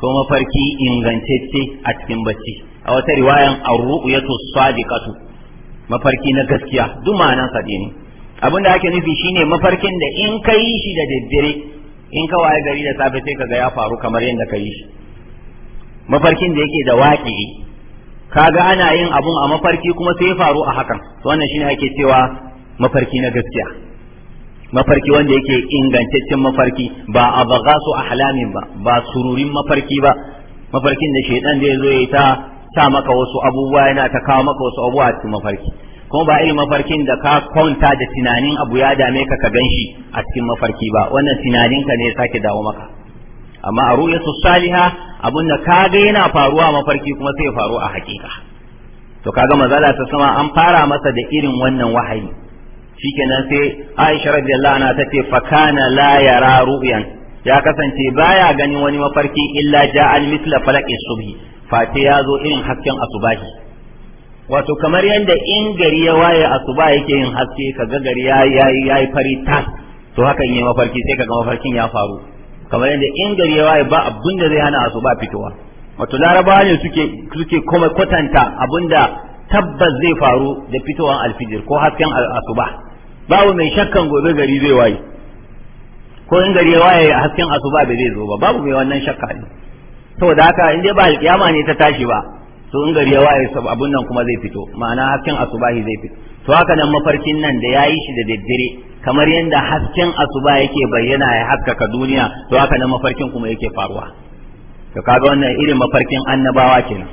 S1: ko mafarki ingantacce a cikin bacci a wata riwayan ar-ru'yatu sadiqatu mafarki na gaskiya duk ma'anan sa ne abin da ake nufi shine mafarkin da in ka yi shi da daddare in ka waye gari da safe sai kaga ya faru kamar yadda ka yi shi mafarkin da yake da waƙi kaga ana yin abun a mafarki kuma sai ya faru a hakan to wannan shine ake cewa mafarki na gaskiya mafarki wanda yake ingantaccen mafarki ba a baga su ahlamin ba ba sururin mafarki ba mafarkin da shaidan zai zo ya ta sa maka wasu abubuwa yana ta kawo maka wasu abubuwa a cikin mafarki kuma ba irin mafarkin da ka kwanta da tunanin abu ya dame ka ka ganshi a cikin mafarki ba wannan tunaninka ne ya sake dawo maka amma a su Saliha abun da ka ga yana faruwa mafarki kuma sai ya faru a hakika to kaga mazala ta sama an fara masa da irin wannan wahayi shikenan sai Aisha radiyallahu anha ta fa kana la yara ru'yan ya kasance baya ganin wani mafarki illa ja'al mithla falaqi subhi Fati ya zo irin hasken asubahi wato kamar yadda in gari ya waye asuba yake yin haske kaga gari ya yi fari tas to hakan in yi mafarki sai kaga mafarkin ya faru kamar yadda in gari ya waye ba abin da zai hana asuba fitowa wato larabawa ne suke suke kuma kwatanta abin da tabbas zai faru da fitowar alfijir ko hasken asuba babu mai shakkan gobe gari zai waye ko in gari ya waye hasken asuba bai zai zo ba babu mai wannan shakka ne saboda haka in dai ba alkiyama ne ta tashi ba to in gari ya waye abun nan kuma zai fito ma'ana hasken asubahi zai fito to haka nan mafarkin nan da yayi shi da daddare kamar yadda hasken asuba yake bayyana ya haskaka duniya to haka nan mafarkin kuma yake faruwa to kaga wannan irin mafarkin annabawa kenan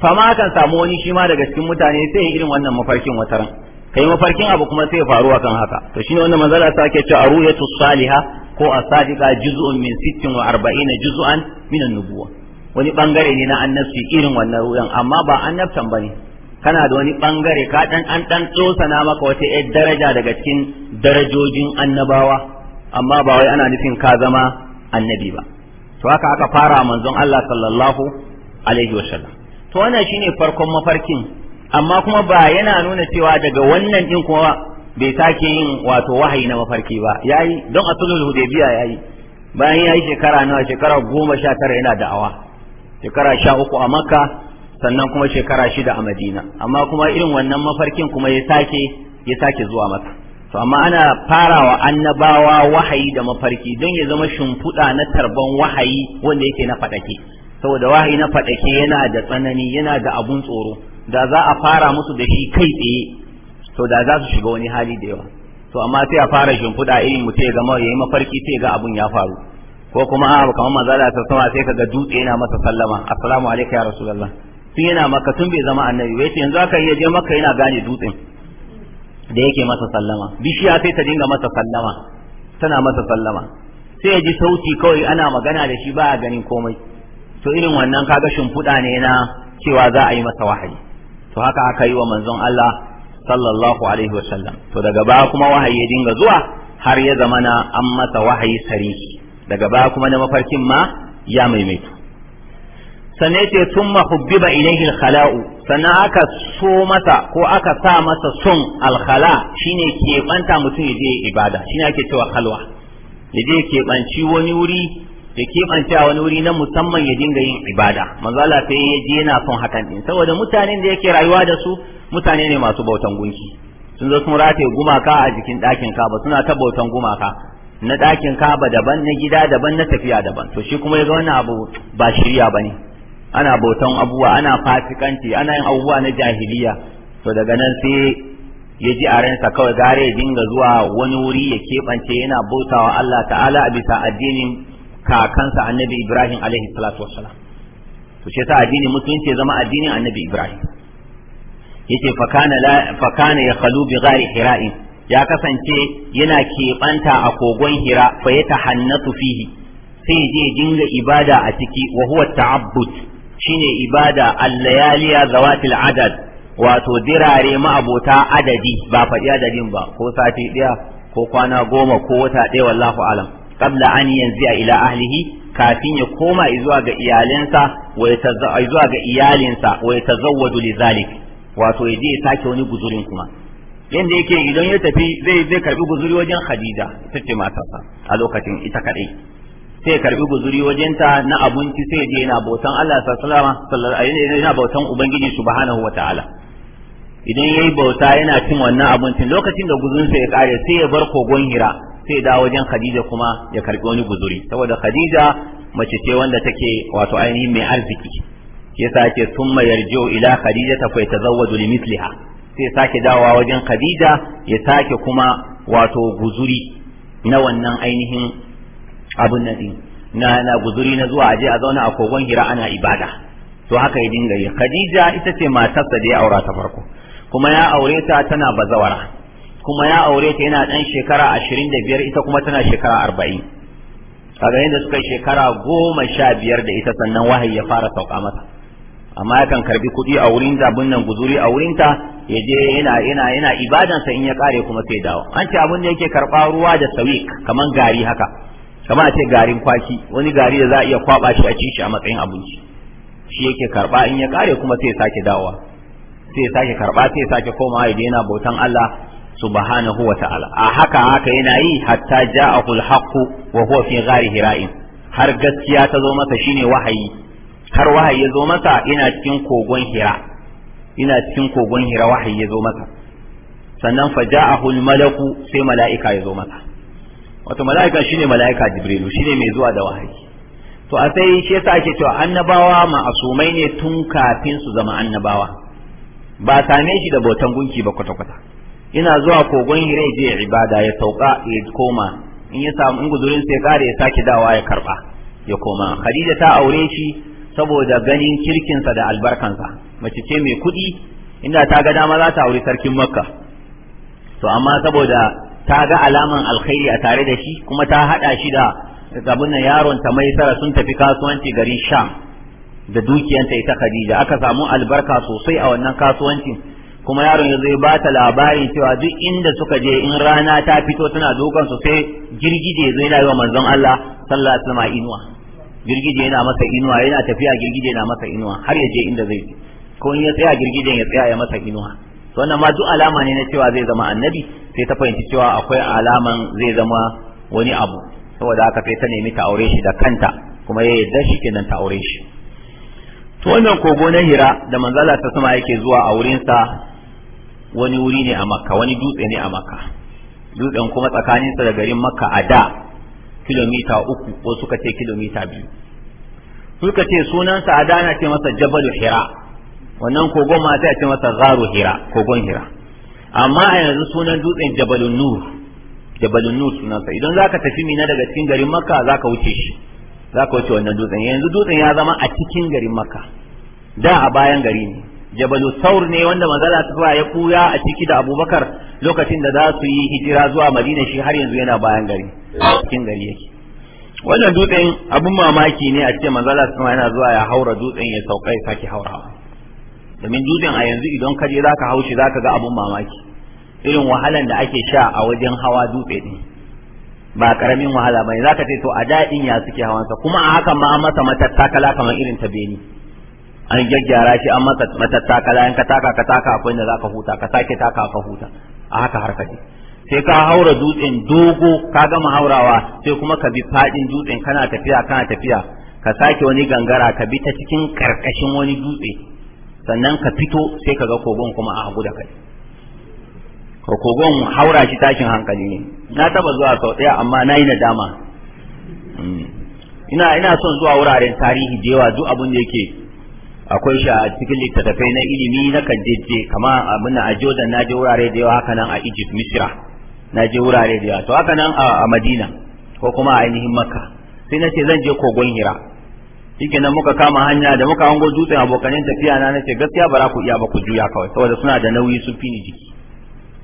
S1: fama kan samu wani shi ma daga cikin mutane sai irin wannan mafarkin wataran kai mafarkin abu kuma sai faruwa kan haka to shine wannan manzala ta ke cewa ru'yatu Saliha ko asadiqa juz'un min 46 juz'an min an-nubuwah wani bangare ne na annabci irin wannan ru'yan amma ba annabtan bane kana da wani bangare ka dan an dan tsosana maka wata yar daraja daga cikin darajojin annabawa amma ba wai ana nufin ka zama annabi ba to haka aka fara manzon Allah sallallahu alaihi wasallam to wannan shine farkon mafarkin amma kuma ba yana nuna cewa daga wannan din kuma bai sake yin wato wahayi na mafarki ba yayi don asulul hudaybiya yayi bayan yayi shekara nawa shekara goma sha tara yana da'awa shekara sha uku a makka sannan kuma shekara shida a madina amma kuma irin wannan mafarkin kuma ya sake ya sake zuwa masa to amma ana farawa annabawa wahayi da mafarki don ya zama shimfiɗa na tarban wahayi wanda yake na faɗake saboda wahayi na faɗake yana da tsanani yana da abun tsoro da za a fara musu da shi kai tsaye to da za su shiga wani hali da yawa to amma sai a fara shimfiɗa irin mu ya gama yayi mafarki sai ga abun ya faru ko kuma a kamar maza da ta sama sai kaga dutse yana masa sallama assalamu alaikum ya rasulullah tun yana maka tun bai zama annabi ba yace yanzu aka yi je maka yana gane dutsen da yake masa sallama bishiya sai ta dinga masa sallama tana masa sallama sai ya ji sauti kawai ana magana da shi ba a ganin komai to irin wannan kaga shimfiɗa ne na cewa za a yi masa wahayi to haka aka yi wa manzon Allah sallallahu alaihi wa sallam to daga baya kuma wahayi ya dinga zuwa har ya zamana an masa wahayi sarihi daga baya kuma na mafarkin ma ya maimaita sannan yace thumma hubbiba ilaihi alkhala'u sannan aka so masa ko aka sa masa son alkhala shine shine banta mutum ya je ibada shine ake cewa khalwa ya je keɓanci wani wuri ya a wani wuri na musamman ya dinga yin ibada manzo Allah sai ya je yana son hakan din saboda mutanen da yake rayuwa da su mutane ne masu bautan gunki sun zo sun rataye gumaka a jikin ɗakin kaba suna ta bautan gumaka na ɗakin kaba daban na gida daban na tafiya daban to shi kuma ya ga wannan abu ba shirya bane ana bautan abubuwa ana fasikanci ana yin abubuwa na jahiliya to daga nan sai ya ji a ransa kawai gare ya dinga zuwa wani wuri ya keɓance yana bautawa Allah ta'ala a bisa addinin kakansa annabi Ibrahim alaihi salatu wassalam to shi ta addinin musulunci ya zama addinin annabi Ibrahim yace fakana la fakana ya khalu bi ghairi hira'in ya kasance yana keɓanta a kogon hira fa ya tahannatu fihi sai je dinga ibada a ciki wa huwa ta'abbud shine ibada al-layaliya zawatil adad wato dirare ma'abota adadi ba faɗi adadin ba ko sati ɗaya ko kwana goma ko wata ɗaya wallahu alam qabla an a ila ahlihi kafin ya koma zuwa ga iyalinsa wa zuwa ga iyalinsa wa lidhalik wato ya je wani guzurin kuma yanda yake idan ya tafi zai zai karbi guzuri wajen Khadija tace matarsa a lokacin ita kadai sai ya karbi guzuri wajenta na abinci sai je yana bautan Allah sallallahu alaihi yana bautan ubangiji subhanahu wataala idan yayi bauta yana cin wannan abincin lokacin da guzurin sai ya kare sai ya bar kogon hira sai da wajen Khadija kuma ya karbi wani guzuri saboda Khadija mace ce wanda take wato ainihin mai arziki yasa ake summa yarji'u ila ta fa yatazawwaju li misliha sai sake dawowa wajen Khadija ya sake kuma wato guzuri na wannan ainihin abin nan din na na guzuri na zuwa aje a zauna a kogon hira ana ibada to haka ya dinga yi khadija ita ce matarsa da ya aura ta farko kuma ya aure ta tana bazawara kuma ya aure ta yana dan shekara ashirin ita kuma tana shekara arba'in kaga yadda suka shekara goma sha biyar da ita sannan wahayi ya fara sauka mata amma yakan karbi kuɗi a wurin zabin nan guzuri a wurinta ya je yana yana yana ibadansa in ya kare kuma sai dawo an ce abin da yake karɓa ruwa da sawik kaman gari haka kamar a ce garin kwaki wani gari da za a iya kwaba shi a ci shi a matsayin abinci shi yake karba in ya kare kuma sai ya sake dawowa sai ya sake karba sai ya sake komawa idan yana bautan Allah subhanahu wa ta'ala a haka haka yana yi hatta ja'ahu al-haqq wa huwa fi ghari hira'in har gaskiya ta zo masa shine wahayi har wahayi ya zo masa ina cikin kogon hira ina cikin kogon hira wahayi ya zo masa sannan fa ja'ahu al-malaku sai mala'ika ya zo masa wato mala'ika shine mala'ika jibrilu shine mai zuwa da wahayi to a sai shi yasa ake cewa annabawa ma'asumai ne tun kafin su zama annabawa ba same shi da bautan gunki ba kwata kwata ina zuwa kogon hira je ibada ya sauka ya koma in ya samu in sai kare ya sake dawa ya karba ya koma khadija ta aure shi saboda ganin kirkinsa da albarkansa mace ce mai kuɗi inda ta ga dama za ta auri sarkin makka to amma saboda ta ga alaman alkhairi a tare da shi kuma ta hada shi da abin nan yaron ta mai sara sun tafi kasuwanci garin sham da dukiyanta ita khadija aka samu albarka sosai a wannan kasuwancin kuma yaron ya zai ba ta labarin cewa duk inda suka je in rana ta fito tana dokan su sai girgije zai yana wa manzon Allah sallallahu alaihi wasallam inuwa girgije yana masa inuwa yana tafiya girgije yana masa inuwa har ya je inda zai ko in ya tsaya girgijen ya tsaya ya masa inuwa wannan ma duk alama ne na cewa zai zama annabi sai ta fahimci cewa akwai alaman zai zama wani abu saboda haka sai ta nemi ta aure shi da kanta kuma ya yarda shi kenan ta aure shi to wannan kogo na hira da manzala ta sama yake zuwa a wurinsa wani wuri ne a makka wani dutse ne a makka dutsen kuma tsakaninsa da garin makka a da kilomita uku ko suka ce kilomita biyu suka ce sunansa a ce masa jabal hira wannan kogon ma sai a ce masa gharu hira kogon hira amma a yanzu sunan dutsen jabalun nur jabalun nur sunansa idan zaka tafi mina daga cikin garin makka zaka wuce shi zaka wuce wannan dutsen yanzu dutsen ya zama a cikin garin makka da a bayan gari ne jabalu saur ne wanda manzala ta ya kuya a ciki da abubakar lokacin da za su yi hijira zuwa madina shi har yanzu yana bayan gari cikin gari yake wannan dutsen abun mamaki ne a ce manzala ta yana zuwa ya haura dutsen ya sauka ya sake haurawa domin dutsen a yanzu idan ka je zaka haushi zaka ga abun mamaki irin wahalan da ake sha a wajen hawa dutse din ba karamin wahala bane zaka ce to a daɗin ya suke hawan hawansa kuma a hakan ma an masa matattakala kamar irin ta beni an gyaggyara shi an masa matattakala in ka taka ka taka akwai da zaka huta ka sake taka ka huta a haka har kaje sai ka haura dutsen dogo ka gama haurawa sai kuma ka bi fadin dutsen kana tafiya kana tafiya ka sake wani gangara ka bi ta cikin karkashin wani dutse sannan ka fito sai ka ga kogon kuma a hagu da kai ko kogon haura shi tashin hankali ne na taba zuwa sau ɗaya amma na yi nadama hmm. ina ina son zuwa wuraren tarihi da yawa duk abin da yake akwai shi a cikin littattafai na ilimi na kan jeje kama abin a Jordan na je wurare da yawa haka nan a Egypt Misra na je wurare da yawa to haka nan a Madina ko kuma a ainihin Makka sai na ce zan je kogon Hira shike nan muka kama hanya da muka hango dutsen abokanin tafiya na nace gaskiya bara ku iya ba ku juya kawai saboda suna da nauyi sun fi ni jiki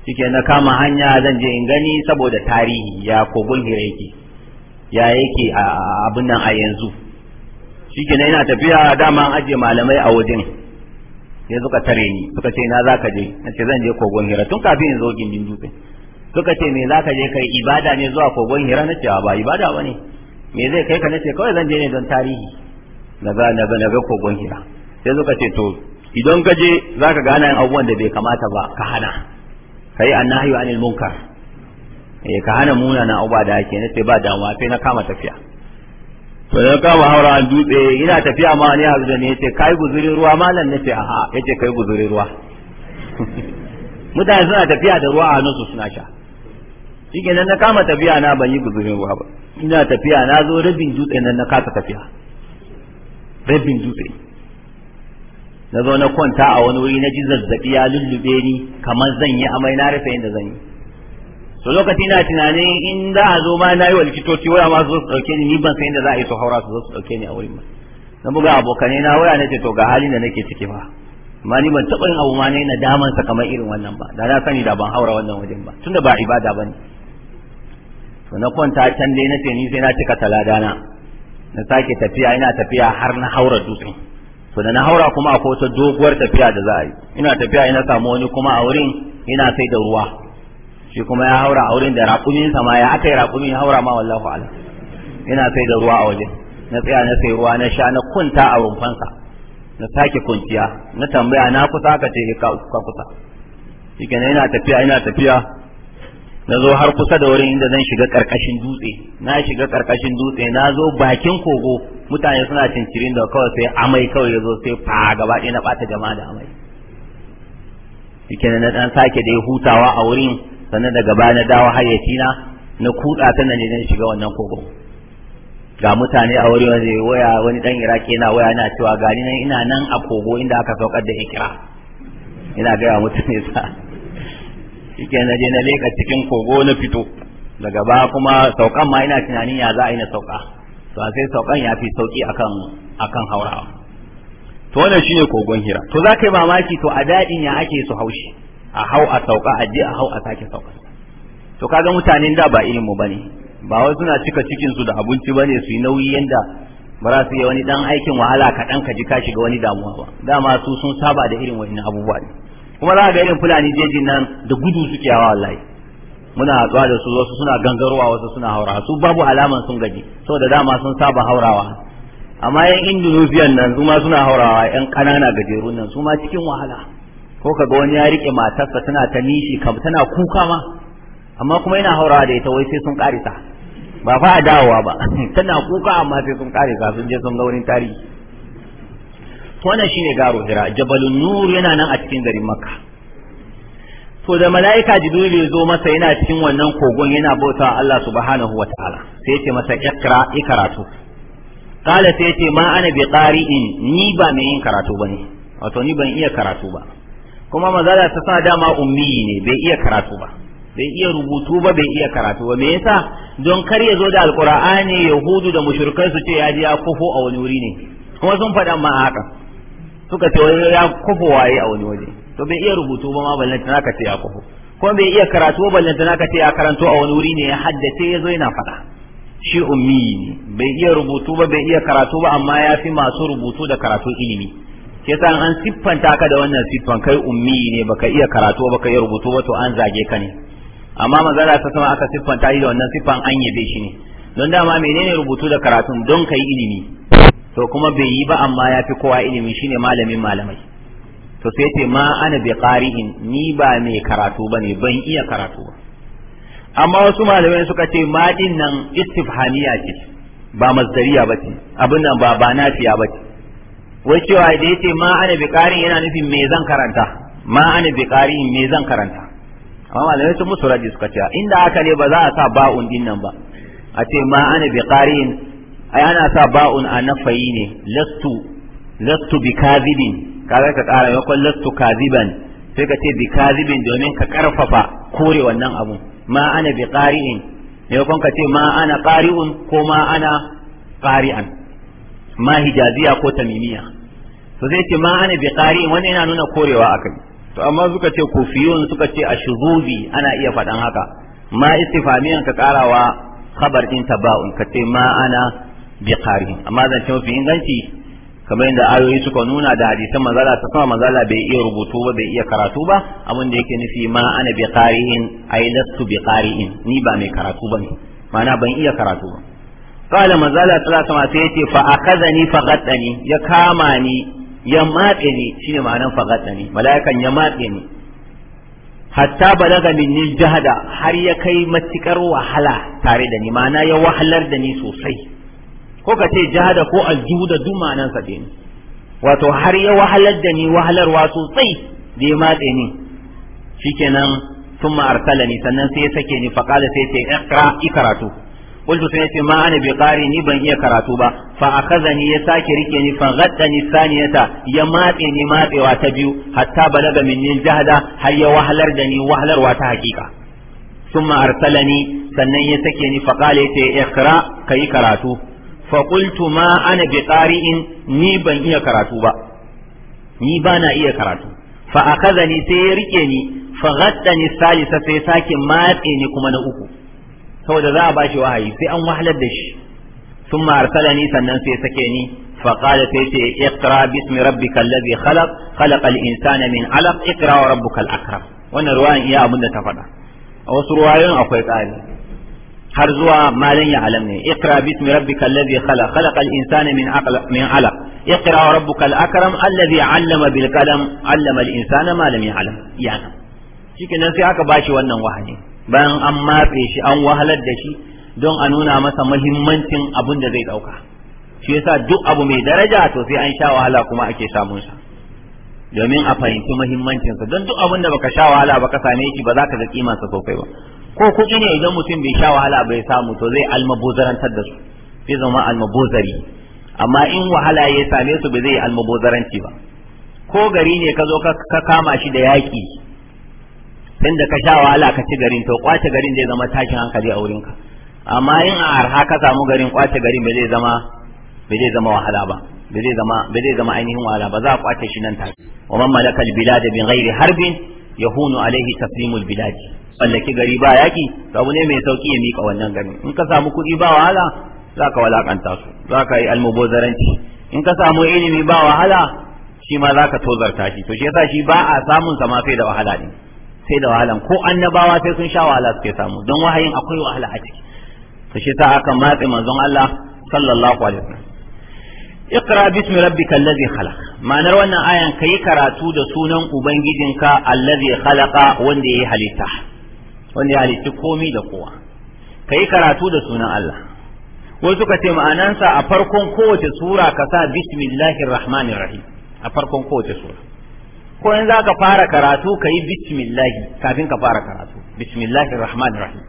S1: shike na kama hanya zan je in gani saboda tarihi ya kogon hira yake ya yake a abin nan a yanzu shike na ina tafiya dama an ajiye malamai a wajen sai suka tare ni suka ce na zaka je nace zan je kogon hira tun kafin in zo gindin dutsen suka ce me zaka je kai ibada ne zuwa kogon hira nace ba ibada bane me zai kai ka nace kawai zan je ne don tarihi na ba na ba na ga kogon hira sai suka ce to idan ka je zaka ga ana yin abubuwan da bai kamata ba ka hana kai annahi wa anil munkar eh ka hana muna na uba da ake ne sai ba damuwa sai na kama tafiya to na kama haura an dutse ina tafiya ma ne hazu da ne yace kai guzurin ruwa malam nace aha yace kai guzurin ruwa mutane suna tafiya da ruwa a hannunsu suna sha shi nan na kama tafiya na ban yi guzurin ruwa ba ina tafiya na zo rabin dutse nan na kasa tafiya rabin dutse na zo na kwanta a wani wuri na ji zazzabi ya lullube ni kamar zan yi amai na rufe inda zan yi to lokaci na tunanin in za a zo ma na yi wa likitoci waya ma su dauke ni ni ban san inda za a yi su haura su zo su dauke ni a wurin ba na buga abokanai na waya na ce to ga halin da nake ciki ba amma ni ban taɓa yin abu ma na daman sa kamar irin wannan ba da na sani da ban haura wannan wajen ba tunda ba ibada bane to na kwanta can dai na ce ni sai na cika talada na. na sake tafiya ina tafiya har na haura dutsen to da na haura kuma akwai wata doguwar tafiya da za a yi ina tafiya ina samu wani kuma a wurin ina sai da ruwa shi kuma ya haura a wurin da raƙumin sama ya aka yi raƙumin ya haura ma wallahu ala ina sai da ruwa a wajen na tsaya na sai ruwa na sha na kunta a rumfansa na sake kunciya na tambaya na kusa eh, ka ce ka kusa shi ina tafiya ina tafiya na zo har kusa da wurin inda zan shiga karkashin dutse na shiga karkashin dutse na zo bakin kogo mutane suna cincirin da kawai sai amai kawai ya zo sai fa gaba ɗaya na ɓata jama'a da amai shike na dan sake da hutawa a wurin sannan daga baya na dawo hayyaci na kuda ta nan ne zan shiga wannan kogo ga mutane a wurin wani waya wani dan iraki yana waya na cewa gani nan ina nan a kogo inda aka saukar da ikira ina gaya mutane sa shike na je na leka cikin kogo na fito daga ba kuma saukan ma ina tunanin ya za a yi na sauka to a sai saukan ya fi sauki akan akan haurawa to wannan shine kogon hira to za ka yi mamaki to a daɗin ya ake su haushi a hau a sauka a je a hau a sake sauka to kaga mutanen da ba irin mu bane ba wai suna cika cikin su da abinci bane su yi nauyi yanda ba za su yi wani dan aikin wahala kaɗan ka ji ka shiga wani damuwa ba dama su sun saba da irin wa'in abubuwa ne kuma za a ga irin fulani jejin nan da gudu suke yawa wallahi muna hatsuwa da su wasu suna gangarowa wasu suna haurawa su babu alaman sun gaji saboda dama sun saba haurawa amma yan indonesian nan su ma suna haurawa yan ƙanana gajerun nan su ma cikin wahala ko kaga wani ya rike matarsa tana ta nishi kam tana kuka ma amma kuma yana haurawa da ita wai sai sun karisa ba fa a dawowa ba tana kuka amma sai sun karisa sun je sun ga wurin tarihi wannan shine garo hira jabalun nur yana nan a cikin garin makka to da mala'ika jibril ya zo masa yana cikin wannan kogon yana bautawa Allah subhanahu wataala sai yace masa ikra ikaratu kala sai yace ma ana bi qari'in ni ba mai yin karatu bane wato ni ban iya karatu ba kuma mazala ta sa dama ummi ne bai iya karatu ba bai iya rubutu ba bai iya karatu ba me yasa don kar ya zo da alqur'ani yahudu da mushrikai su ce ya ji ya kofo a wani wuri ne kuma sun faɗa ma haka suka ce wani ya kofo waye a wani waje to bai iya rubutu ba ma ballanta naka ce ya kofo ko bai iya karatu ba ballanta naka ce ya karanto a wani wuri ne ya haddace ya zo yana faɗa shi ummi ne bai iya rubutu ba bai iya karatu ba amma ya fi masu rubutu da karatu ilimi ke san an siffanta ka da wannan siffan kai ummi ne baka iya karatu ba baka iya rubutu ba to an zage ka ne amma magana ta sama aka siffanta shi da wannan siffan an yabe shi ne don dama menene rubutu da karatun don kai ilimi to kuma bai yi ba amma ya fi kowa ilimi shine malamin malamai to sai ce ma ana bi qari'in ni ba mai karatu bane ban iya karatu ba amma wasu malamai suka ce ma din nan istifhamiya ce ba masdariya bace abin nan ba ba nafiya bace wai cewa da yace ma ana bi qari'in yana nufin me zan karanta ma ana bi qari'in me zan karanta amma malamai sun musu raji suka ce inda aka ne ba za a sa ba'un din nan ba a ce ma ana bi qarin ai ana sa ba'un a nafayi ne lastu lastu bi kadhibin kaga ka kara yakon lastu kadhiban sai ka ce bi kadhibin domin ka karfafa kore wannan abu ma ana bi qari'in yakon ka ce ma ana qari'un ko ma ana qari'an ma hijaziya ko tamimiya to zai ce ma ana bi qari'in wannan yana nuna korewa akai to amma suka ce kufiyun suka ce ashuzubi ana iya faɗan haka ma istifamiyan ka karawa khabar din taba'un ka ce ma ana bi qari amma zan ce mafi inganci kamar yadda ayoyi suka nuna da hadisan manzala ta sama manzala bai iya rubutu ba bai iya karatu ba abin da yake nufi ma ana bi qari'in ay lastu bi qari'in ni ba mai karatu bane ma'ana ban iya karatu ba qala manzala ta sama sai yace fa akhadhani fa gaddani ya kama ni ya matse ni shine ma'anan fa gaddani mala'ikan ya matse ni hatta balaga min jahada har ya kai matikar wahala tare da ni ma'ana ya wahalar da ni sosai ko ka ce jahada ko aljuda duk ma'anan sa ne wato har ya wahalar da ni wahalarwa sosai da ya matse ni shikenan thumma arsalani sannan sai ya sake ni faqala sai ce i karatu. qultu sai ce ma ana biqari ni ban iya karatu ba fa ni ya sake rike ni fa gadda gaddani saniyata ya matse ni matsewa ta biyu hatta balaga minni jahada har ya wahalar da ni wahalarwa ta hakika thumma arsalani sannan ya sake ni faqala sai ka yi karatu fa qultu ma ana bi qari'in ni ban iya karatu ba ni ba iya karatu fa akazani sai ya rike ni fa ghaddani salisa sai sake matse ni kuma na uku saboda za a bashi wahayi sai an wahalar da shi ثم أرسلني سنن سيسكيني فقال سيتي اقرأ باسم ربك الذي خلق خلق الإنسان من علق اقرأ وربك الأكرم وانا رواية يا faɗa. تفضل wasu سرواية akwai قال har zuwa malin ya alam ne iqra bismi rabbikal ladhi khalaq khalaqal insana min aqla min alaq iqra rabbukal akram alladhi 'allama bil qalam 'allama al insana ma lam ya'lam yana nan sai aka bashi wannan wahayi bayan an matse shi an wahalar da shi don a nuna masa muhimmancin abin da zai dauka shi yasa duk abu mai daraja to sai an sha wahala kuma ake samun sa domin a fahimci muhimmancinsa don duk abin da baka sha wahala baka same shi ba za ka ga kimansa sosai ba ko kuɗi ne idan mutum bai sha wahala bai samu to zai almabozarantar da su zai zama almabozari amma in wahala ya same su bai zai almabozaranci ba ko gari ne ka zo ka kama shi da yaƙi inda ka sha wahala ka ci garin to kwace garin zai zama tashin hankali a wurinka amma in a arha ka samu garin kwace garin bai zai zama bai zai zama wahala ba bai zai zama bai zai zama ainihin wahala ba za a kwace shi nan take wa man malaka bilad bi ghairi harbin yahunu alaihi taslimul bilad tsallaki gari ba yaki sabu ne mai sauki ya miƙa wannan gari in ka samu kuɗi ba wahala za ka walaƙanta su za ka yi almubozaranci in ka samu ilimi ba wahala shi ma za ka tozarta shi to shi yasa shi ba a samun sa ma sai da wahala ne sai da wahalan ko annabawa sai sun sha wahala suke samu don wahayin akwai wahala a ciki to shi yasa aka matse manzon Allah sallallahu alaihi wasallam اقرا باسم ربك الذي خلق ma'anar wannan ayan kayi karatu da sunan ubangijinka allazi khalaqa wanda yayi halitta wanda ya halitti komi da kowa ka yi karatu da sunan Allah wasu suka ce ma'anansa a farkon kowace sura ka sa bismillahir rahmanir rahim a farkon kowace sura ko in za ka fara karatu ka yi bismillahi kafin ka fara karatu bismillahir rahmanir rahim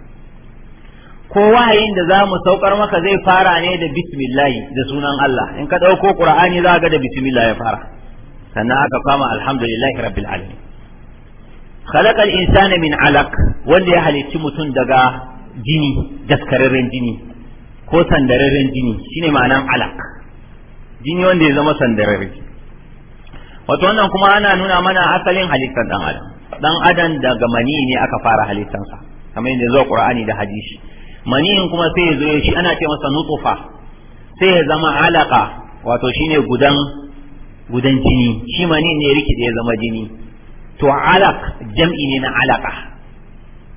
S1: ko wahayin da za mu saukar maka zai fara ne da bismillahi da sunan Allah in ka ɗauko qur'ani za ga da bismillah ya fara sannan aka fama alhamdulillahi rabbil alamin khalaqal insana min alak wanda ya halicci mutum daga jini daskararren jini ko sandararren jini shine ma'anan alaq jini wanda ya zama sandararre wato wannan kuma ana nuna mana asalin halittar dan adam dan adam daga mani ne aka fara halittansa kamar yadda zuwa qur'ani da hadisi maniyin kuma sai ya zo ana ce masa nutsufa sai ya zama alaka wato shine gudan jini shi mani ne rikide ya zama jini to alaq jam'i ne na alaqa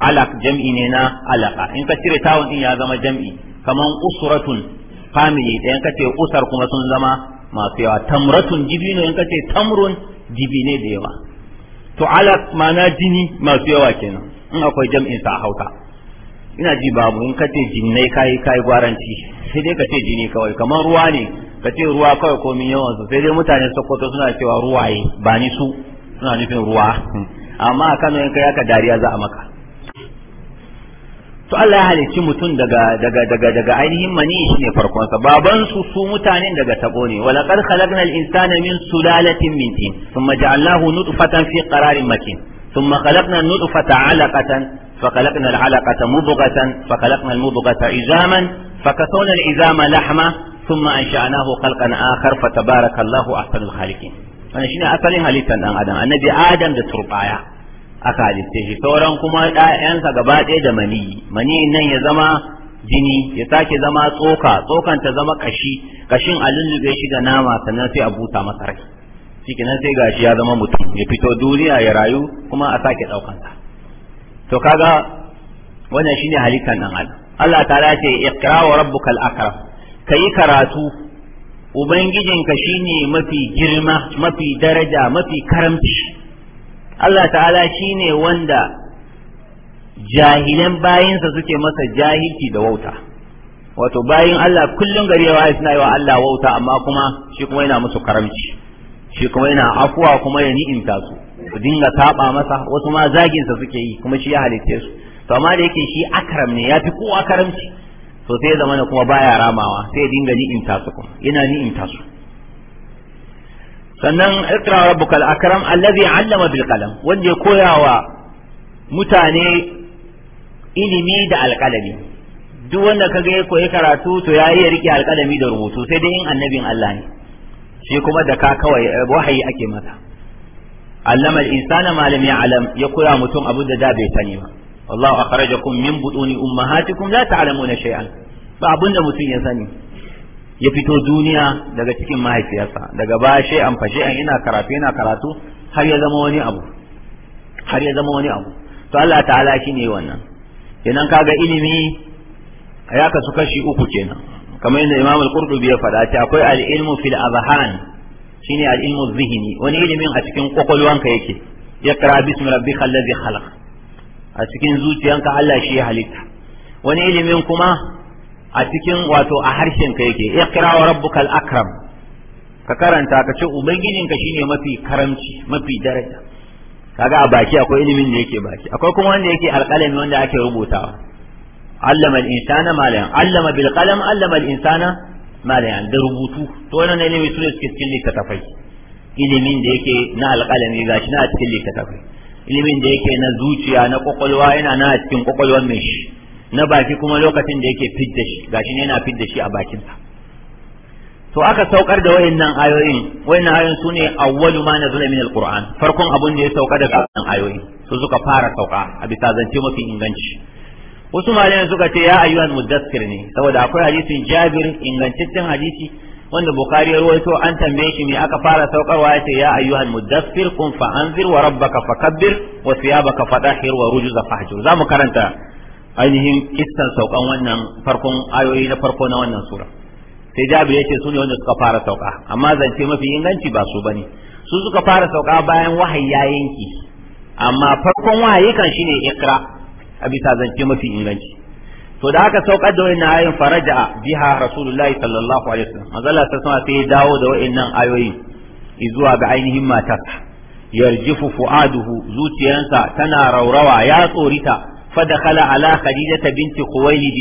S1: alaq jam'i ne na alaqa in ka cire tawun din ya zama jam'i kaman usratun family da in ka ce usar kuma sun zama masu yawa tamratun jibino in ka ce tamrun jibine da yawa to alaq ma'ana jini masu yawa kenan in akwai jam'i sa hauka ina ji babu in ka ce jinnai kai kai gwaranci sai dai ka ce jini kawai kamar ruwa ne ka ce ruwa kawai komin yawan su sai dai mutane sokoto suna cewa ruwaye ba ni su suna nufin ruwa amma a Kano in kai dariya za a maka to Allah ya halicci mutum daga daga daga daga ainihin mani ne farkon sa baban su su mutanen daga tabo ne wala qad khalaqna al-insana min sulalatin min tin thumma ja'alnahu nutfatan fi qararin makin thumma khalaqna an-nutfata 'alaqatan فخلقنا العلقة مضغة فخلقنا المضغة عظاما فكسونا العظام لحمة ثم أنشأناه خلقا آخر فتبارك الله أحسن الخالقين wannan shine asalin halittar dan adam annabi adam da turbaya aka halitte shi sauran kuma ɗayansa gaba ɗaya da mani mani nan ya zama jini ya sake zama tsoka tsokan ta zama kashi kashin a lullube shi da nama sannan sai a busa masa rai shikenan sai gashi ya zama mutum ya fito duniya ya rayu kuma a sake ɗaukan sa to kaga wannan shine halittan dan adam Allah ta ce iqra wa rabbukal akram kayi karatu ubangijinka shine mafi girma mafi daraja mafi karamci Allah ta'ala shine wanda jahilan bayinsa suke masa jahilci da wauta wato bayin Allah kullum gari yawa suna yi wa Allah wauta amma kuma shi kuma yana musu karamci shi kuma yana afuwa kuma ya ni'in su su dinga saba masa wasu ma zaginsa suke yi kuma shi ya halitte su to amma da yake shi akram ne ya fi kowa karamci to sai zamana kuma baya ramawa sai dinga ni in su kuma yana in tasu sannan ikra rabbukal akram allazi allama bil qalam wanda ya koya wa mutane ilimi da alqalami duk wanda kaga ya koyi karatu to ya yi rike alqalami da rubutu sai dai in annabin Allah ne shi kuma da ka kawai eh, wahayi ake masa allama al insana ma lam ya'lam ya koya mutum abin da da bai sani ba wallahu akhrajakum min buduni ummahatikum la na shay'an ba abinda mutum ya sani ya fito duniya daga cikin mahaifiyarsa daga baya shay'an fa shay'an yana karatu karatu har ya zama wani abu har ya zama wani abu to Allah ta'ala shine wannan kenan kaga ilimi ya kasu kashi uku kenan kamar yadda Imam al-Qurtubi ya faɗa ce akwai al-ilmu fil azhan shine al zihini. wani ilimin a cikin kwakwalwanka yake ya kara bismi rabbika allazi khalaq a cikin zuciyanka Allah shi ya halitta wani ilimin kuma a cikin wato a harshen ka yake iqra wa rabbukal akram ka karanta ka ce ubangijinka shine mafi karamci mafi daraja kaga a baki akwai ilimin da yake baki akwai kuma wanda yake alƙalami wanda ake rubutawa allama al-insana ma allama bil qalam allama al-insana ma da rubutu to wannan ilimi sune suke cikin littattafai ilimin da yake na alƙalami gashi na cikin littattafai ilimin da yake na zuciya na kwakwalwa yana na cikin kwakwalwar mai shi na baki kuma lokacin da yake fidda shi gashi ne yana fidda shi a bakinsa to aka saukar da wayannan ayoyin wayannan ayoyin sune awwalu ma nazala min alquran farkon abun da ya sauka daga wannan ayoyi su suka fara sauka a bisa zance mafi inganci wasu malamai suka ce ya ayyuhal muddassir ne saboda akwai hadisin Jabir ingantaccen hadisi wanda bukari ruwaito an tambaye shi me aka fara saukarwa yace ya ayyuhal mudaffir kun fa anzir wa rabbaka fakabbir wa thiyabaka fadahir wa rujuza fahjur zamu karanta ainihin kissan saukan wannan farkon ayoyi na farko na wannan sura sai jabir yace su ne wanda suka fara sauka amma zance mafi inganci ba su bane su suka fara sauka bayan wahayi ya yanki amma farkon wahayi kan shine ikra a bisa zance mafi inganci to da haka saukar da wannan ayoyin faraja biha rasulullahi sallallahu alaihi wasallam manzo Allah sallallahu alaihi wasallam sai dawo da wannan ayoyi zuwa ga ainihin matarsa yarjifu fuaduhu zuciyarsa tana raurawa ya tsorita fadakhala ala khadijata binti khuwailid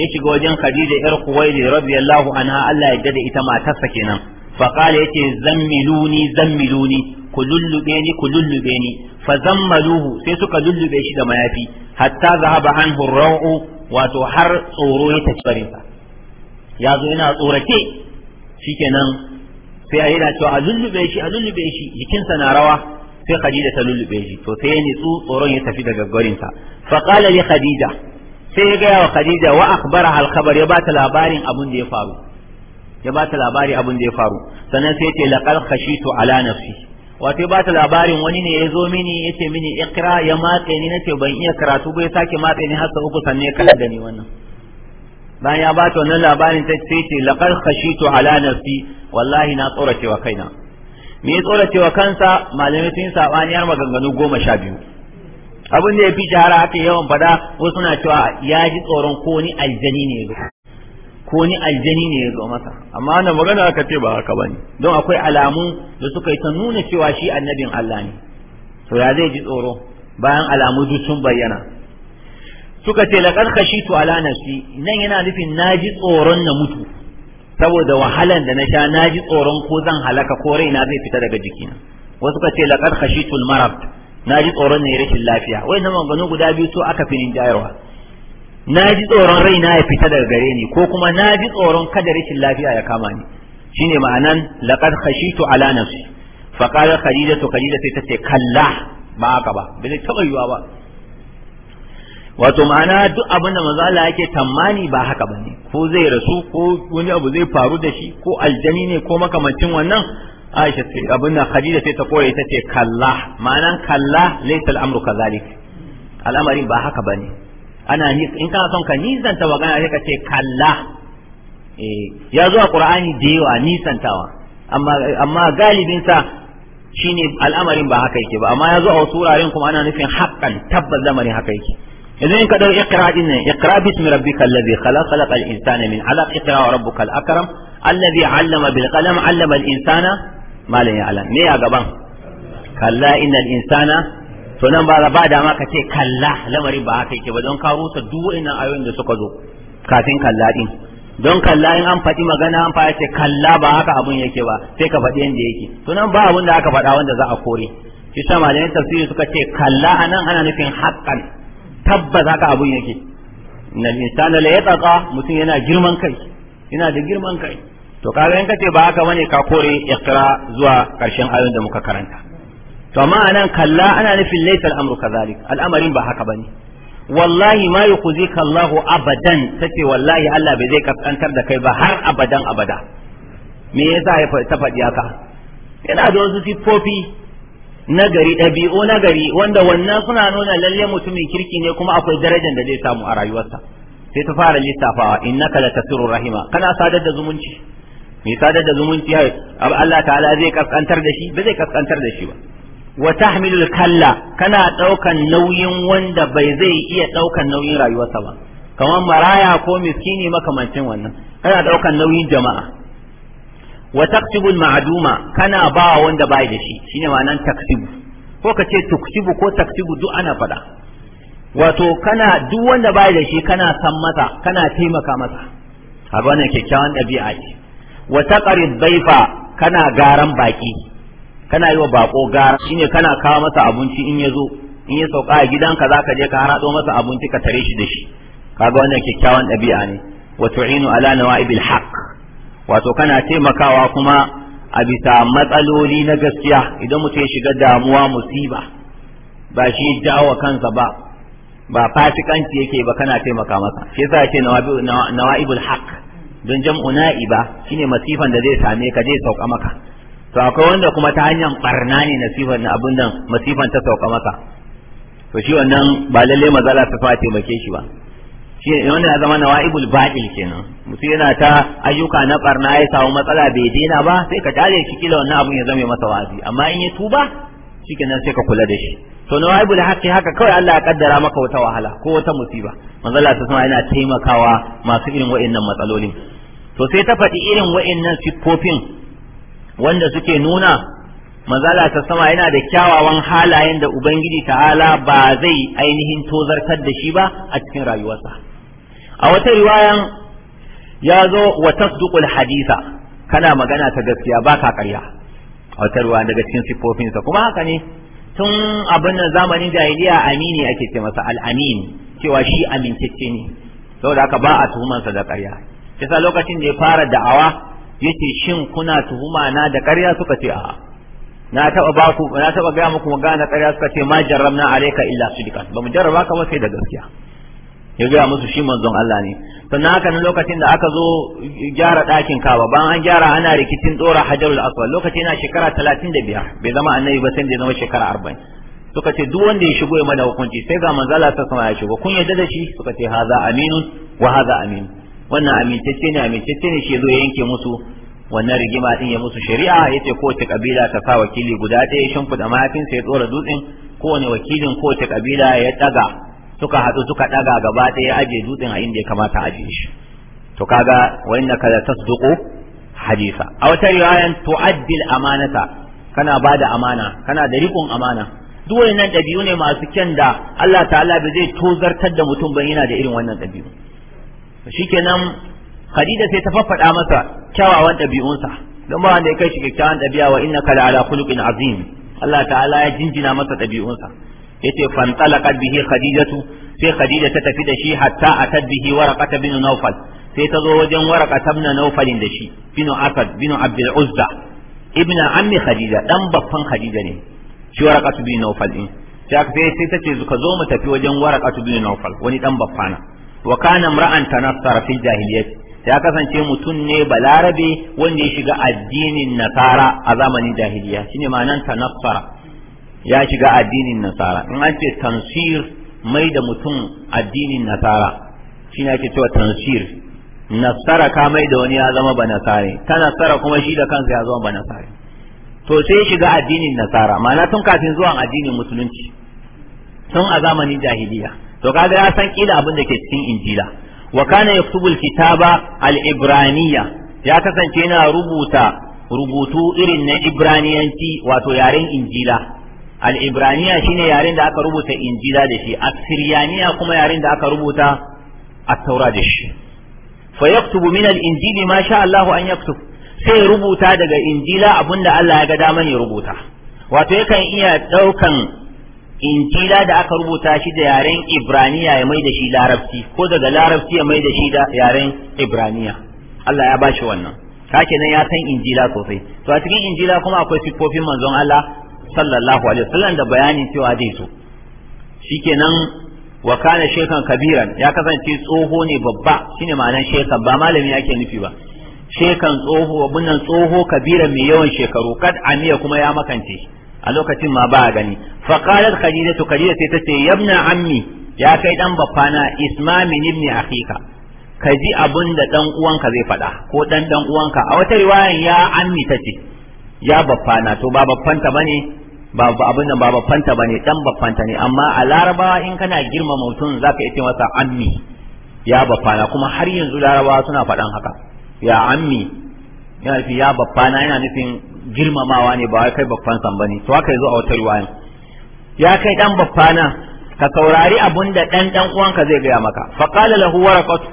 S1: ya shiga wajen khadija yar khuwailid radiyallahu anha Allah ya da ita matarsa kenan faqala yace zammiluni zammiluni ku lullube ni ku lullube ni fazammaluhu sai suka lullube shi da mayafi hatta zahaba anhu raw'u wato har tsoro ya tafi barinsa ya zo yana tsorace shikenan sai a yana cewa a lullube shi a lullube shi jikinsa na rawa sai Khadija ta lullube shi to sai ya nitsu tsoron ya tafi daga gwarinsa fa qala li Khadija sai ya gaya wa Khadija wa akhbaraha al-khabar ya ba ta labarin abun da ya faru ya ba ta labari abun da ya faru sannan sai ya ce laqad khashitu ala nafsi wato ba ta labarin wani ne ya zo mini ya ce mini ikra ya matse ni nace ban iya karatu ba ya sake matse ni har sau uku sanne ya da ni wannan bayan ya bata wannan labarin ta ce ce laqad khashitu ala nafsi wallahi na tsoracewa cewa kaina me ya tsora cewa kansa malamai sun sabani har maganganu goma sha biyu abin da ya fi jara aka yawan fada wasu na cewa ya ji tsoron ko ni aljani ne ko ni aljani ne ya zo masa amma ana magana aka ce ba haka bane don akwai alamu da suka yi ta nuna cewa shi annabin Allah ne to ya zai ji tsoro bayan alamu duk sun bayyana suka ce laqad khashitu ala nafsi nan yana nufin naji tsoron na mutu saboda wahalan da na sha naji tsoron ko zan halaka ko raina zai fita daga jikina wasu suka ce laqad khashitul marad naji tsoron ne rashin lafiya wai na maganganu guda biyu to aka filin jayarwa na ji tsoron raina ya fita daga gare ni ko kuma na ji tsoron kada rashin lafiya ya kama ni shine ma'anan laqad khashitu ala nafsi fa qala khadija to khadija sai tace kalla ba haka ba bai taba yiwa ba wato ma'ana duk abin da manzo Allah yake tammani ba haka ba ne, ko zai rasu ko wani abu zai faru da shi ko aljani ne ko makamancin wannan Aisha ce abin da Khadija sai ta kore ta ce kalla ma'anan kalla laysa al-amru kadhalik al'amarin ba haka bane ana in kana son ka nisanta magana sai ka ce kalla eh ya zo a qur'ani da yawa nisantawa amma amma galibin sa shine al'amarin ba haka yake ba amma ya zuwa wasu wuraren kuma ana nufin haqqan tabbas lamarin haka yake yanzu in ka dau iqra din nan iqra bismi rabbikal ladhi khalaq khalaqal insana min 'alaq iqra wa rabbukal akram alladhi 'allama bil qalam 'allama al insana ma lam ya'lam me ya gaban kalla innal insana to nan ba ba dama ka ce kalla lamarin ba haka yake ba don ka rusa duk wa'annan ayoyin da suka zo kafin kalla din don kalla in an faɗi magana an fara ce kalla ba haka abun yake ba sai ka faɗi yadda yake to nan ba abun da aka faɗa wanda za a kore shi sa malamin tafsiri suka ce kalla anan ana nufin tabba tabbas haka abun yake innal insana la yataqa mutum yana girman kai yana da girman kai to kaga in kace ba haka bane ka kore iqra zuwa karshen ayoyin da muka karanta to amma anan kalla ana nufin laysa al'amru kadhalik al'amarin ba haka bane wallahi ma yukhzika Allah abadan tace wallahi Allah bai zai kaskantar da kai ba har abadan abada me yasa ya ta faɗi haka yana da wasu siffofi na gari ɗabi'u na gari wanda wannan suna nuna lalle mutumin kirki ne kuma akwai darajar da zai samu a rayuwarsa sai ta fara lissafawa innaka latasiru rahima kana sadar da zumunci mai sadar da zumunci Allah ta'ala zai kaskantar da shi ba zai kaskantar da shi ba wa tahmilul kalla kana ɗaukan nauyin wanda bai zai iya ɗaukan nauyin rayuwarsa ba kamar maraya ko miskini makamancin wannan kana ɗaukan nauyin jama'a wa taktibul ma'duma kana ba wanda bai da shi shine ma'anan taktibu ko ka ce tuktibu ko taktibu duk ana faɗa? wato kana duk wanda bai da shi kana san masa kana taimaka masa a wannan kyakkyawan ɗabi'a ce wa taqrid dhaifa kana garan baki kana yi wa bako gara shine kana kawo masa abinci in ya zo in ya sauka a gidanka za ka je ka harado masa abinci ka tare shi da shi kaga wannan kyakkyawan ɗabi'a ne wa tu'inu ala nawa'ibil haqq wato kana taimakawa kuma a bisa matsaloli na gaskiya idan mutum ya shiga damuwa musiba ba shi jawo kansa ba ba fasikanci yake ba kana taimaka masa shi yasa ce nawa'ibul haqq don jam'u na'iba shine masifan da zai same ka zai sauka maka to akwai wanda kuma ta hanyar barna ne nasifan na abin nan masifan ta sauka maka to shi wannan ba lalle mazala ta fa taimake shi ba shi wannan ya zama nawa'ibul ba'il kenan mutum yana ta ayyuka na barna ya samu matsala bai daina ba sai ka tare shi kila wannan abun ya zama masa wazi amma in ya tuba nan sai ka kula da shi to na wa'ibul haqqi haka kawai Allah ya kaddara maka wata wahala ko wata musiba manzo ta sama yana taimakawa masu irin wa'annan matsalolin to sai ta faɗi irin wa'annan siffofin wanda suke nuna mazala ta sama yana da kyawawan halayen da ubangiji ta'ala ba zai ainihin tozartar da shi ba a cikin rayuwarsa a wata riwayan ya zo wa tasduqul haditha kana magana ta gaskiya ba ka karya. a wata riwaya daga cikin sifofinsa kuma haka ne tun abin nan zamanin jahiliya amini ake ce masa al-amin cewa shi amintacce ne saboda haka ba a tuhumansa da karya kisa lokacin da ya fara da'awa yace shin kuna tuhuma na da ƙarya suka ce a'a na taba ba ku na taba ga muku magana ƙarya suka ce ma jarrabna alayka illa sidqan ba mu jarraba ka ba sai da gaskiya ya ga musu shi manzon Allah ne sannan haka nan lokacin da aka zo gyara ɗakin kaba bayan an gyara ana rikicin tsora Hajarul Aswad lokacin na shekara 35 bai zama annabi ba sai da zama shekara 40 suka ce duk wanda ya shigo ya mana hukunci sai ga manzala ta sama ya shigo kun yadda da shi suka ce haza aminun wa haza aminun wannan amintacce ne amintacce ne shi zo ya yanke musu wannan rigima din ya musu shari'a ya ce kowace kabila ta sa wakili guda ɗaya shimfiɗa mayafinsa ya tsora dutsen kowane wakilin kowace kabila ya ɗaga suka haɗu suka ɗaga gaba ɗaya ya aje dutsen a inda ya kamata a ajiye shi to kaga wa innaka la tasduqu hadisa a wata riwayan tu'addil amanata kana bada amana kana da riƙon amana duk wannan ɗabi'u ne masu kyan da Allah ta'ala ba zai tozartar da mutum ba yana da irin wannan ɗabi'u shikenan Khadija sai ta faffada masa kyawawan ɗabi'unsa don ba wanda ya kai shi kyakkyawan ɗabi'a wa innaka la ala khuluqin azim Allah ta'ala ya jinjina masa ɗabi'unsa yace fantalaqat bihi khadijatu sai khadija ta tafi da shi hatta atat bihi waraqata bin nawfal sai ta zo wajen waraqata bin nawfalin da shi bin asad bin abdul uzza ibnu ammi khadija dan baffan khadija ne shi waraqatu bin nawfal din sai sai ta ce ka zo mu tafi wajen waraqatu bin nawfal wani dan baffana wa kana imra'an tanassara fi jahiliyyah ya kasance mutum ne balarabe wanda ya shiga addinin nasara a zamanin jahiliya shine ma'anan tanassara ya shiga addinin nasara in an ce tansir mai da mutum addinin nasara shine ake cewa tansir nasara ka mai da wani ya zama ba nasare tanassara kuma shi da kansa ya zama ba nasare to sai shiga addinin nasara ma'ana tun kafin zuwan addinin musulunci tun a zamanin jahiliya to kaga ya san kila abin da ke cikin injila wa kana yaktubu al ibraniya ya kasance yana rubuta rubutu irin na ibraniyanci wato yaren injila al-ibraniya shine yaren da aka rubuta injila da shi asiriyaniya kuma yaren da aka rubuta at-taura da shi fa yaktubu min al-injili ma sha an yaktub sai rubuta daga injila abinda Allah ya ga dama ne rubuta wato yakan iya daukan injila da aka rubuta shi da yaren ibraniya ya mai da shi larabci ko daga larabci ya mai da shi da yaren ibraniya Allah ya ba shi wannan kake nan ya san injila sosai to a cikin injila kuma akwai siffofin manzon Allah sallallahu alaihi wasallam da bayanin cewa zai so shikenan wa kana shekan kabiran ya kasance tsoho ne babba shine ma'anar shekan ba malami yake nufi ba shekan tsoho wannan tsoho kabiran mai yawan shekaru kad amiya kuma ya makance a lokacin ma ba a gani fa qalat khadijatu khadija sai tace yabna ammi ya kai dan baffana isma min ibni akhika ka ji abin da dan uwanka zai faɗa ko dan dan uwanka a wata riwayan ya ammi tace ya baffana to ba baffanta bane ba abin nan ba baffanta bane dan baffanta ne amma a larabawa in kana girmama mutum zaka iya ce masa ammi ya baffana kuma har yanzu larabawa suna faɗan haka ya ammi yana nufin ya baffana yana nufin girmamawa ne ba wai kai babban san bane to haka yazo a wata riwaya ya kai dan na ka saurari abun da dan dan uwanka zai gaya maka fa qala lahu waraqatu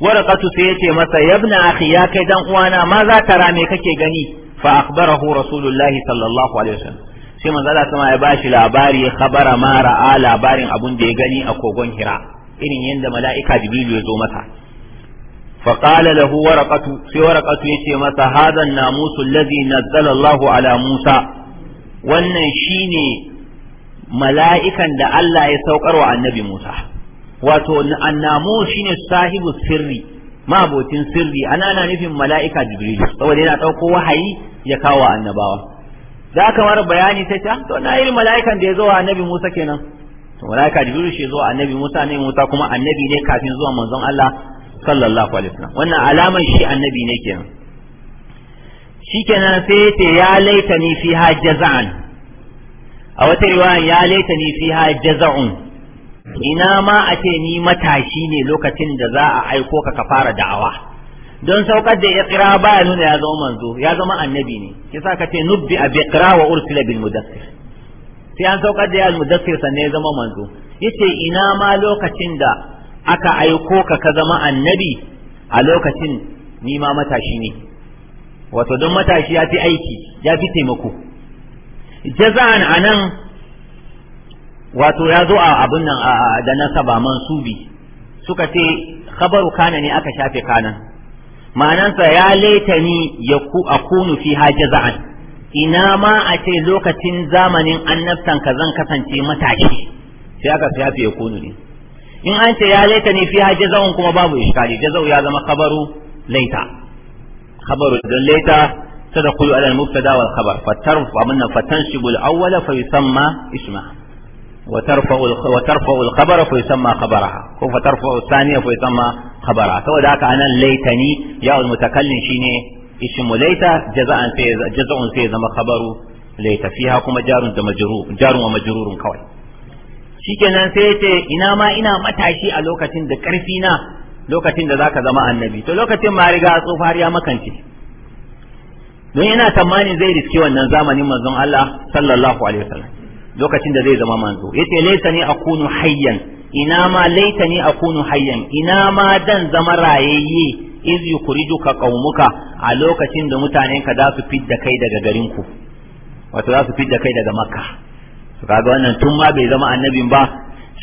S1: waraqatu sai yace masa yabna akhi ya kai dan uwana ma za ta rame kake gani fa akhbarahu rasulullahi sallallahu alaihi wasallam sai manzo Allah sama ya bashi labari khabara ma ra'a labarin abun da ya gani a kogon Hira irin yadda mala'ika Jibril ya zo masa فقال له ورقة في ورقة يتي مسا هذا الناموس الذي نزل الله على موسى وان شيني ملائكا دا الله يسوقر عن النبي موسى واتو الناموس شيني صاحب السر ما بوتين سري انا انا نفهم ملائكة جبريل saboda yana dauko wahayi ya kawo annabawa da aka mara bayani sai ta to na mala'ikan da ya zo wa annabi Musa kenan to mala'ika jibril shi zo annabi Musa ne Musa kuma annabi ne kafin zuwa manzon Allah sallallahu alaihi wasallam wannan alaman shi annabi ne kenan shikenan sai yace ya laitani fiha jaza'an a wata riwaya ya laitani fiha jaza'un ina ma a ce ni matashi ne lokacin da za a aiko ka fara da'awa don saukar da iqra ba ya nuna ya zama manzo ya zama annabi ne kisa ka ce nubbi a biqra wa ursila bil mudaththir sai an saukar da ya al mudaththir sannan ya zama manzo yace ina ma lokacin da aka aiko ka ka zama annabi a lokacin ni ma matashi ne wato don matashi ya fi aiki ya fi taimako jaza'an anan wato ya zo a abun nan da nasaba mansubi suka ce khabaru kana ne aka shafe kanan ma'anansa ya laita ni ya akunu fi jaza'an ina ma a ce lokacin zamanin annabtan ka zan kasance matashi sai aka shafe ya kunu ne in an ce ya laita ne fiha jaza'un kuma babu iskali jaza'u ya zama khabaru laita khabaru don laita tadkhulu ala al-mubtada wal khabar fatarfa minna fatanshibu al-awwala fa yusamma ismaha وترفع وترفع fa فيسمى خبرها وترفع الثانية فيسمى خبرها سو ذاك أنا ليتني يا المتكلم شيني اسم ليت جزاء في جزاء في زم خبر ليت فيها كما جار ومجرور جار ومجرور kawai. shikenan sai yace ina ma ina matashi a lokacin da karfi na lokacin da zaka zama annabi to lokacin ma riga tsofar ya makance don yana tamani zai riske wannan zamanin manzon Allah sallallahu alaihi wasallam lokacin da zai zama manzo yace laysa ni akunu hayyan ina ma laysa ni akunu hayyan ina ma dan zama rayayye iz yukrijuka qaumuka a lokacin da mutanen ka za su fidda kai daga garin ku wato za su fidda kai daga makka kaga wannan tun ma bai zama annabin ba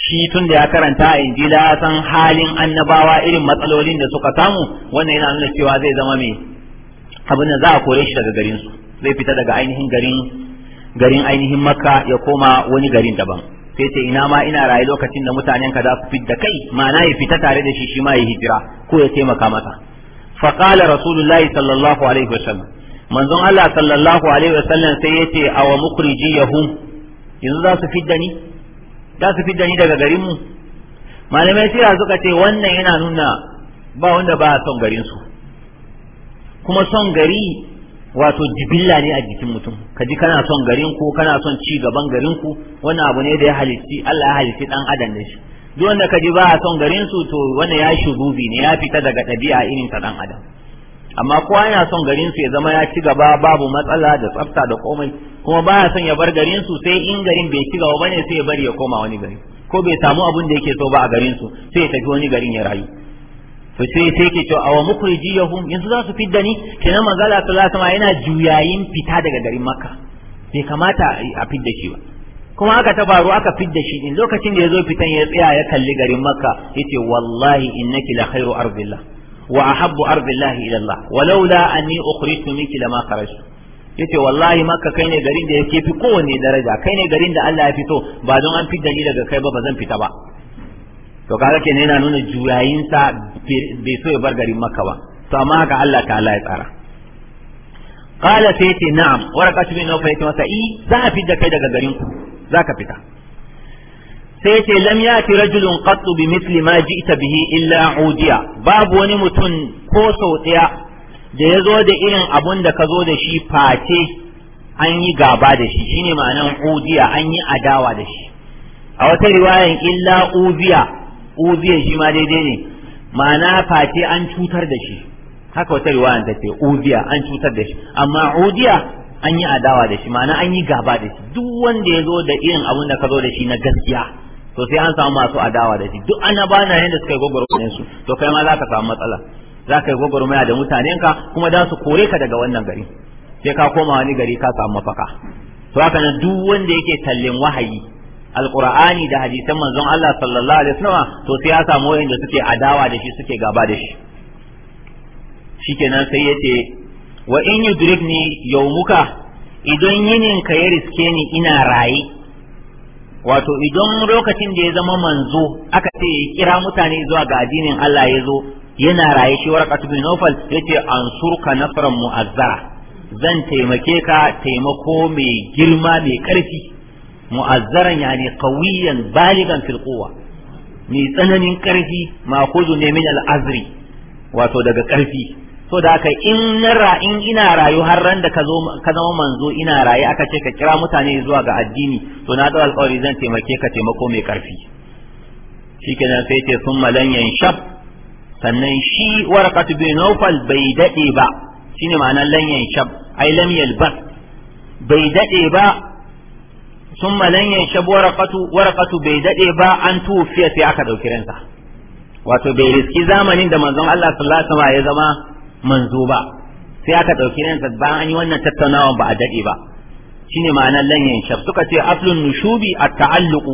S1: shi tun da ya karanta a injila ya san halin annabawa irin matsalolin da suka samu wannan yana nuna cewa zai zama mai abin da za a kore shi daga garin su zai fita daga ainihin garin garin ainihin makka ya koma wani garin daban sai ce ina ma ina raye lokacin da mutanen ka za su fit da kai ma'ana ya fita tare da shi shi ma ya hijira ko ya taimaka masa faqala rasulullahi sallallahu alaihi wasallam manzon Allah sallallahu alaihi wasallam sai yace awa mukrijiyahum yanzu za su fidda ni za su fidda ni daga garinmu. malamai malamai sira suka ce wannan yana nuna ba wanda ba son garinsu. kuma son gari wato jibilla ne a jikin mutum ka ji kana son garin ku kana son ci gaban garin ku wannan abu ne da ya halitti Allah ya halitti dan adam da shi duk wanda ka ji ba son garin su to wannan ya shugubi ne ya fita daga ɗabi'a irin ta dan adam amma kowa yana son garinsu su ya zama ya ci gaba babu matsala da tsafta da komai kuma baya son ya bar garin sai in garin bai ci gaba bane sai ya bari ya koma wani gari ko bai samu abin da yake so ba a garin su sai ya tafi wani garin ya rayu to sai sai ke to awa mukhrijiyahum yanzu za su fidda ni kenan manzo Allah sallallahu alaihi yana juyayin fita daga garin Makka bai kamata a fidda shi ba kuma aka ta faru aka fidda shi din lokacin da ya zo fitan ya tsaya ya kalli garin Makka yace wallahi innaki la khairu ardillah وأحب أرض الله إلى الله ولولا أني أخرجت منك لما خرجت yace wallahi makka kai ne garin da yake fi kowanne daraja kai ne garin da Allah ya fito ba don an fi ni daga kai ba ba zan fita ba to kaga ke yana nuna sa bai so ya bar garin makka ba to amma haka Allah ta'ala ya tsara qala sai na'am warqatu bin nawfa yace masa i eh, za a fidda kai daga garin ku za ka fita sai ce lam fi rajulun qattu bi misli ma ji'ta bihi illa udiya babu wani mutum ko sau daya da ya zo da irin abun da ka zo da shi face an yi gaba da shi shine ma'anan udiya an yi adawa da shi a wata riwayan illa udiya udiya shi ma daidai ne ma'ana face an cutar da shi haka wata riwayan ta ce udiya an cutar da shi amma udiya an yi adawa da shi ma'ana an yi gaba da shi duk wanda ya zo da irin abun da ka zo da shi na gaskiya to sai an samu masu adawa da shi duk ba na yanda suka yi gwagwarmayan su to kai ma za ka samu matsala za ka yi gwagwarmaya da mutanen ka kuma za su kore ka daga wannan gari sai ka koma wani gari ka samu mafaka to haka nan duk wanda yake tallin wahayi alqur'ani da hadisan manzon Allah sallallahu alaihi wasallam to sai ya samu wanda suke adawa da shi suke gaba da shi shikenan sai yace wa in yudrikni yawmuka idan yinin ka ya riske ni ina raye wato idan lokacin da ya zama manzo aka ce ya kira mutane zuwa ga addinin Allah ya zo yana raye shi warqatu bin Nawfal yace ansurka nasran mu'azzara zan taimake ka taimako mai girma mai karfi mu'azzaran yani qawiyan baligan fil mai tsananin karfi ma kuzu ne min al-azri wato daga ƙarfi. so da aka in na in ina rayu har ran da ka zama manzo ina rayu aka ce ka kira mutane zuwa ga addini to na dau alƙawari zan taimake ka taimako mai ƙarfi shikenan sai ce sun malan yanshab sannan shi warqatu bin nawfal bai dade ba shine ma'anar lan yanshab ai lam yalbas bai dade ba sun malan yanshab warqatu warqatu bai dade ba an tufiya sai aka dauki ransa wato bai riski zamanin da manzon Allah sallallahu alaihi wasallam ya zama manzo ba sai aka ɗauki nan bayan an yi wannan tattaunawa ba a daɗe ba shine ma'ana lanyan shaf suka ce aslun nushubi a ta'alluku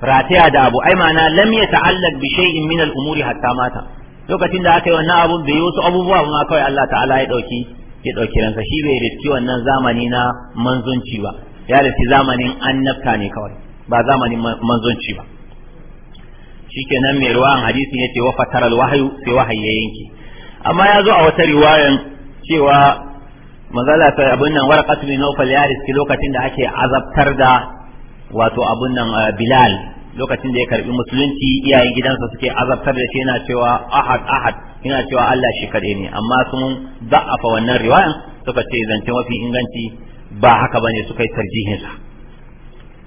S1: rataya da abu ai ma'ana lam yata'allaq bi shay'in min al-umuri hatta mata lokacin da aka yi wannan abun bai yi wasu abubuwa ba kawai Allah ta'ala ya ɗauki ya ɗauki ransa shi bai riski wannan zamani na manzonci ba ya riski zamanin annabta ne kawai ba zamanin manzonci ba shikenan mai ruwan hadisi yace wa fataral wahyu sai wahayi ya yanke amma ya zo a wata riwayan cewa magana ta abin nan warqatu min nawfal yaris ki lokacin da ake azabtar da wato abun nan eh, bilal lokacin da ya karbi musulunci iyayen gidansa suke azabtar da shi yana cewa ahad ahad yana cewa Allah shi kare ne amma sun da'afa wannan riwayan suka ce zance mafi inganci ba haka bane suka yi tarjihin sa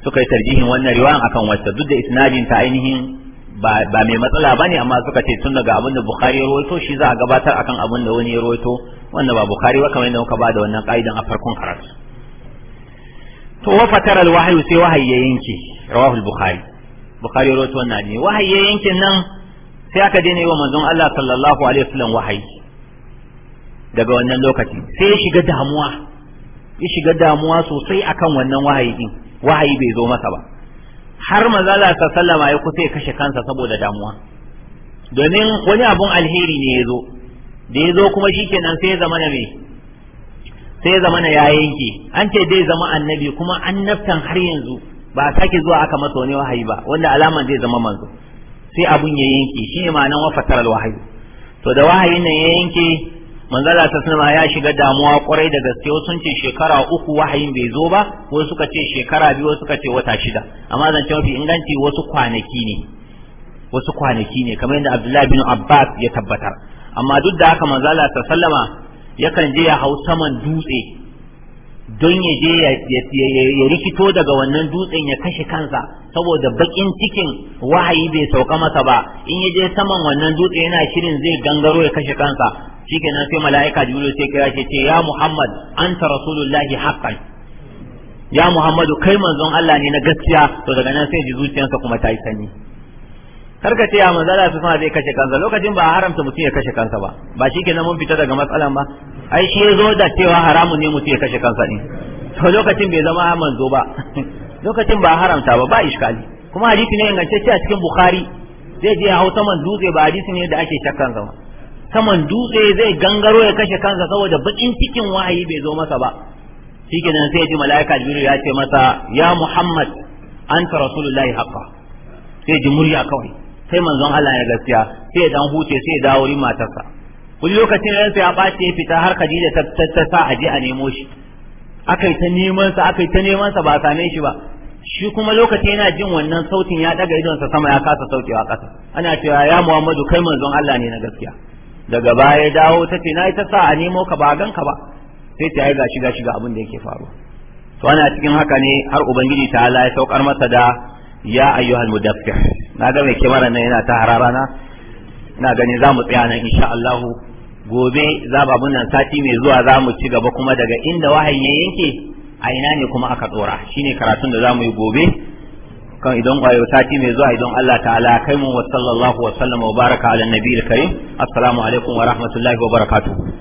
S1: suka yi tarjihin wannan riwayan akan wacce duk da isnadin ta ainihin ba mai matsala bane amma suka ce tun daga abin da bukari ya rawaito shi za a gabatar akan abin da wani ya rawaito wanda ba bukari ba kamar yadda muka ba da wannan ka'idan a farkon karatu
S2: to wa fatara alwahyu sai wahayi
S1: ya yanke rawahu bukari bukari ya rawaito wannan ne wahayi ya yanke nan sai aka daina yi wa manzon Allah sallallahu alaihi wasallam wahayi daga wannan lokaci sai ya shiga damuwa ya shiga damuwa sosai akan wannan wahayi din wahayi bai zo masa ba har za ta sallama ya kusa ya kashe kansa saboda damuwa domin wani abun alheri ne ya zo da ya zo kuma shikenan sai ya zama na me sai ya zama na ya yanke an ce zai zama annabi kuma annabtan har yanzu ba a sake zuwa aka masa wani wahayi ba wanda alaman zai zama manzo sai abun ya yanke shine ma'anan wafatar alwahayi to da wahayin nan ya yanke manzala ta sanama ya shiga damuwa kwarai da gaske sun ce shekara uku wahayin bai zo ba wasu suka ce shekara biyu wasu suka ce wata shida amma zance mafi inganci wasu kwanaki ne wasu kwanaki ne kamar yadda Abdullahi bin Abbas ya tabbatar amma duk da haka manzala ta sallama yakan je ya hau saman dutse don ya je ya rikito daga wannan dutsen ya kashe kansa saboda bakin cikin wahayi bai sauka masa ba in ya je saman wannan dutse yana shirin zai gangaro ya kashe kansa shikenan sai mala'ika jibril sai kira shi ce ya muhammad anta rasulullahi haqqan ya muhammadu kai manzon Allah ne na gaskiya to daga nan sai ji zuciyarsa kuma ta yi sanyi ka ce ya manzon Allah sai zai kashe kansa lokacin ba haramta mutum ya kashe kansa ba ba shikenan mun fita daga matsalan ba ai shi yazo da cewa haramun ne mutum ya kashe kansa din to lokacin bai zama manzo ba lokacin ba haramta ba ba iskali kuma hadisi ne ingantacce a cikin bukhari zai je hauta man dutse ba hadisi ne da ake shakkan zama saman dutse zai gangaro ya kashe kansa saboda bakin cikin wahayi bai zo masa ba shikenan sai ji malaika jibril ya ce masa ya muhammad anta rasulullahi haqqa sai ji murya kawai sai manzon Allah ya gaskiya sai dan huce sai dawo wurin matarsa wani lokacin sai ya bace fita har Khadija ta sa aje a nemo shi akai ta neman sa akai ta neman sa ba same shi ba shi kuma lokacin yana jin wannan sautin ya daga idonsa sama ya kasa saukewa kasa ana cewa ya Muhammadu kai manzon Allah ne na gaskiya daga baya ya dawo ta ce na yi ta sa a nemo ka ba gan ka ba sai ta yi gashi gashi ga abin da yake faru to ana cikin haka ne har ubangiji ta ala ya saukar masa da ya ayyuhal mudaffir na ga mai kimara nan yana ta hararana ina ganin za mu tsaya nan insha Allah gobe za ba nan sati mai zuwa za mu ci gaba kuma daga inda wahayi ya yanke a ina ne kuma aka tsora shine karatun da za mu yi gobe kan idan ƙwayo sati mai zuwa idan Allah ta'ala kai mu wa sallallahu wa sallama wa baraka ala nabiyil karim assalamu alaikum wa rahmatullahi wa barakatuh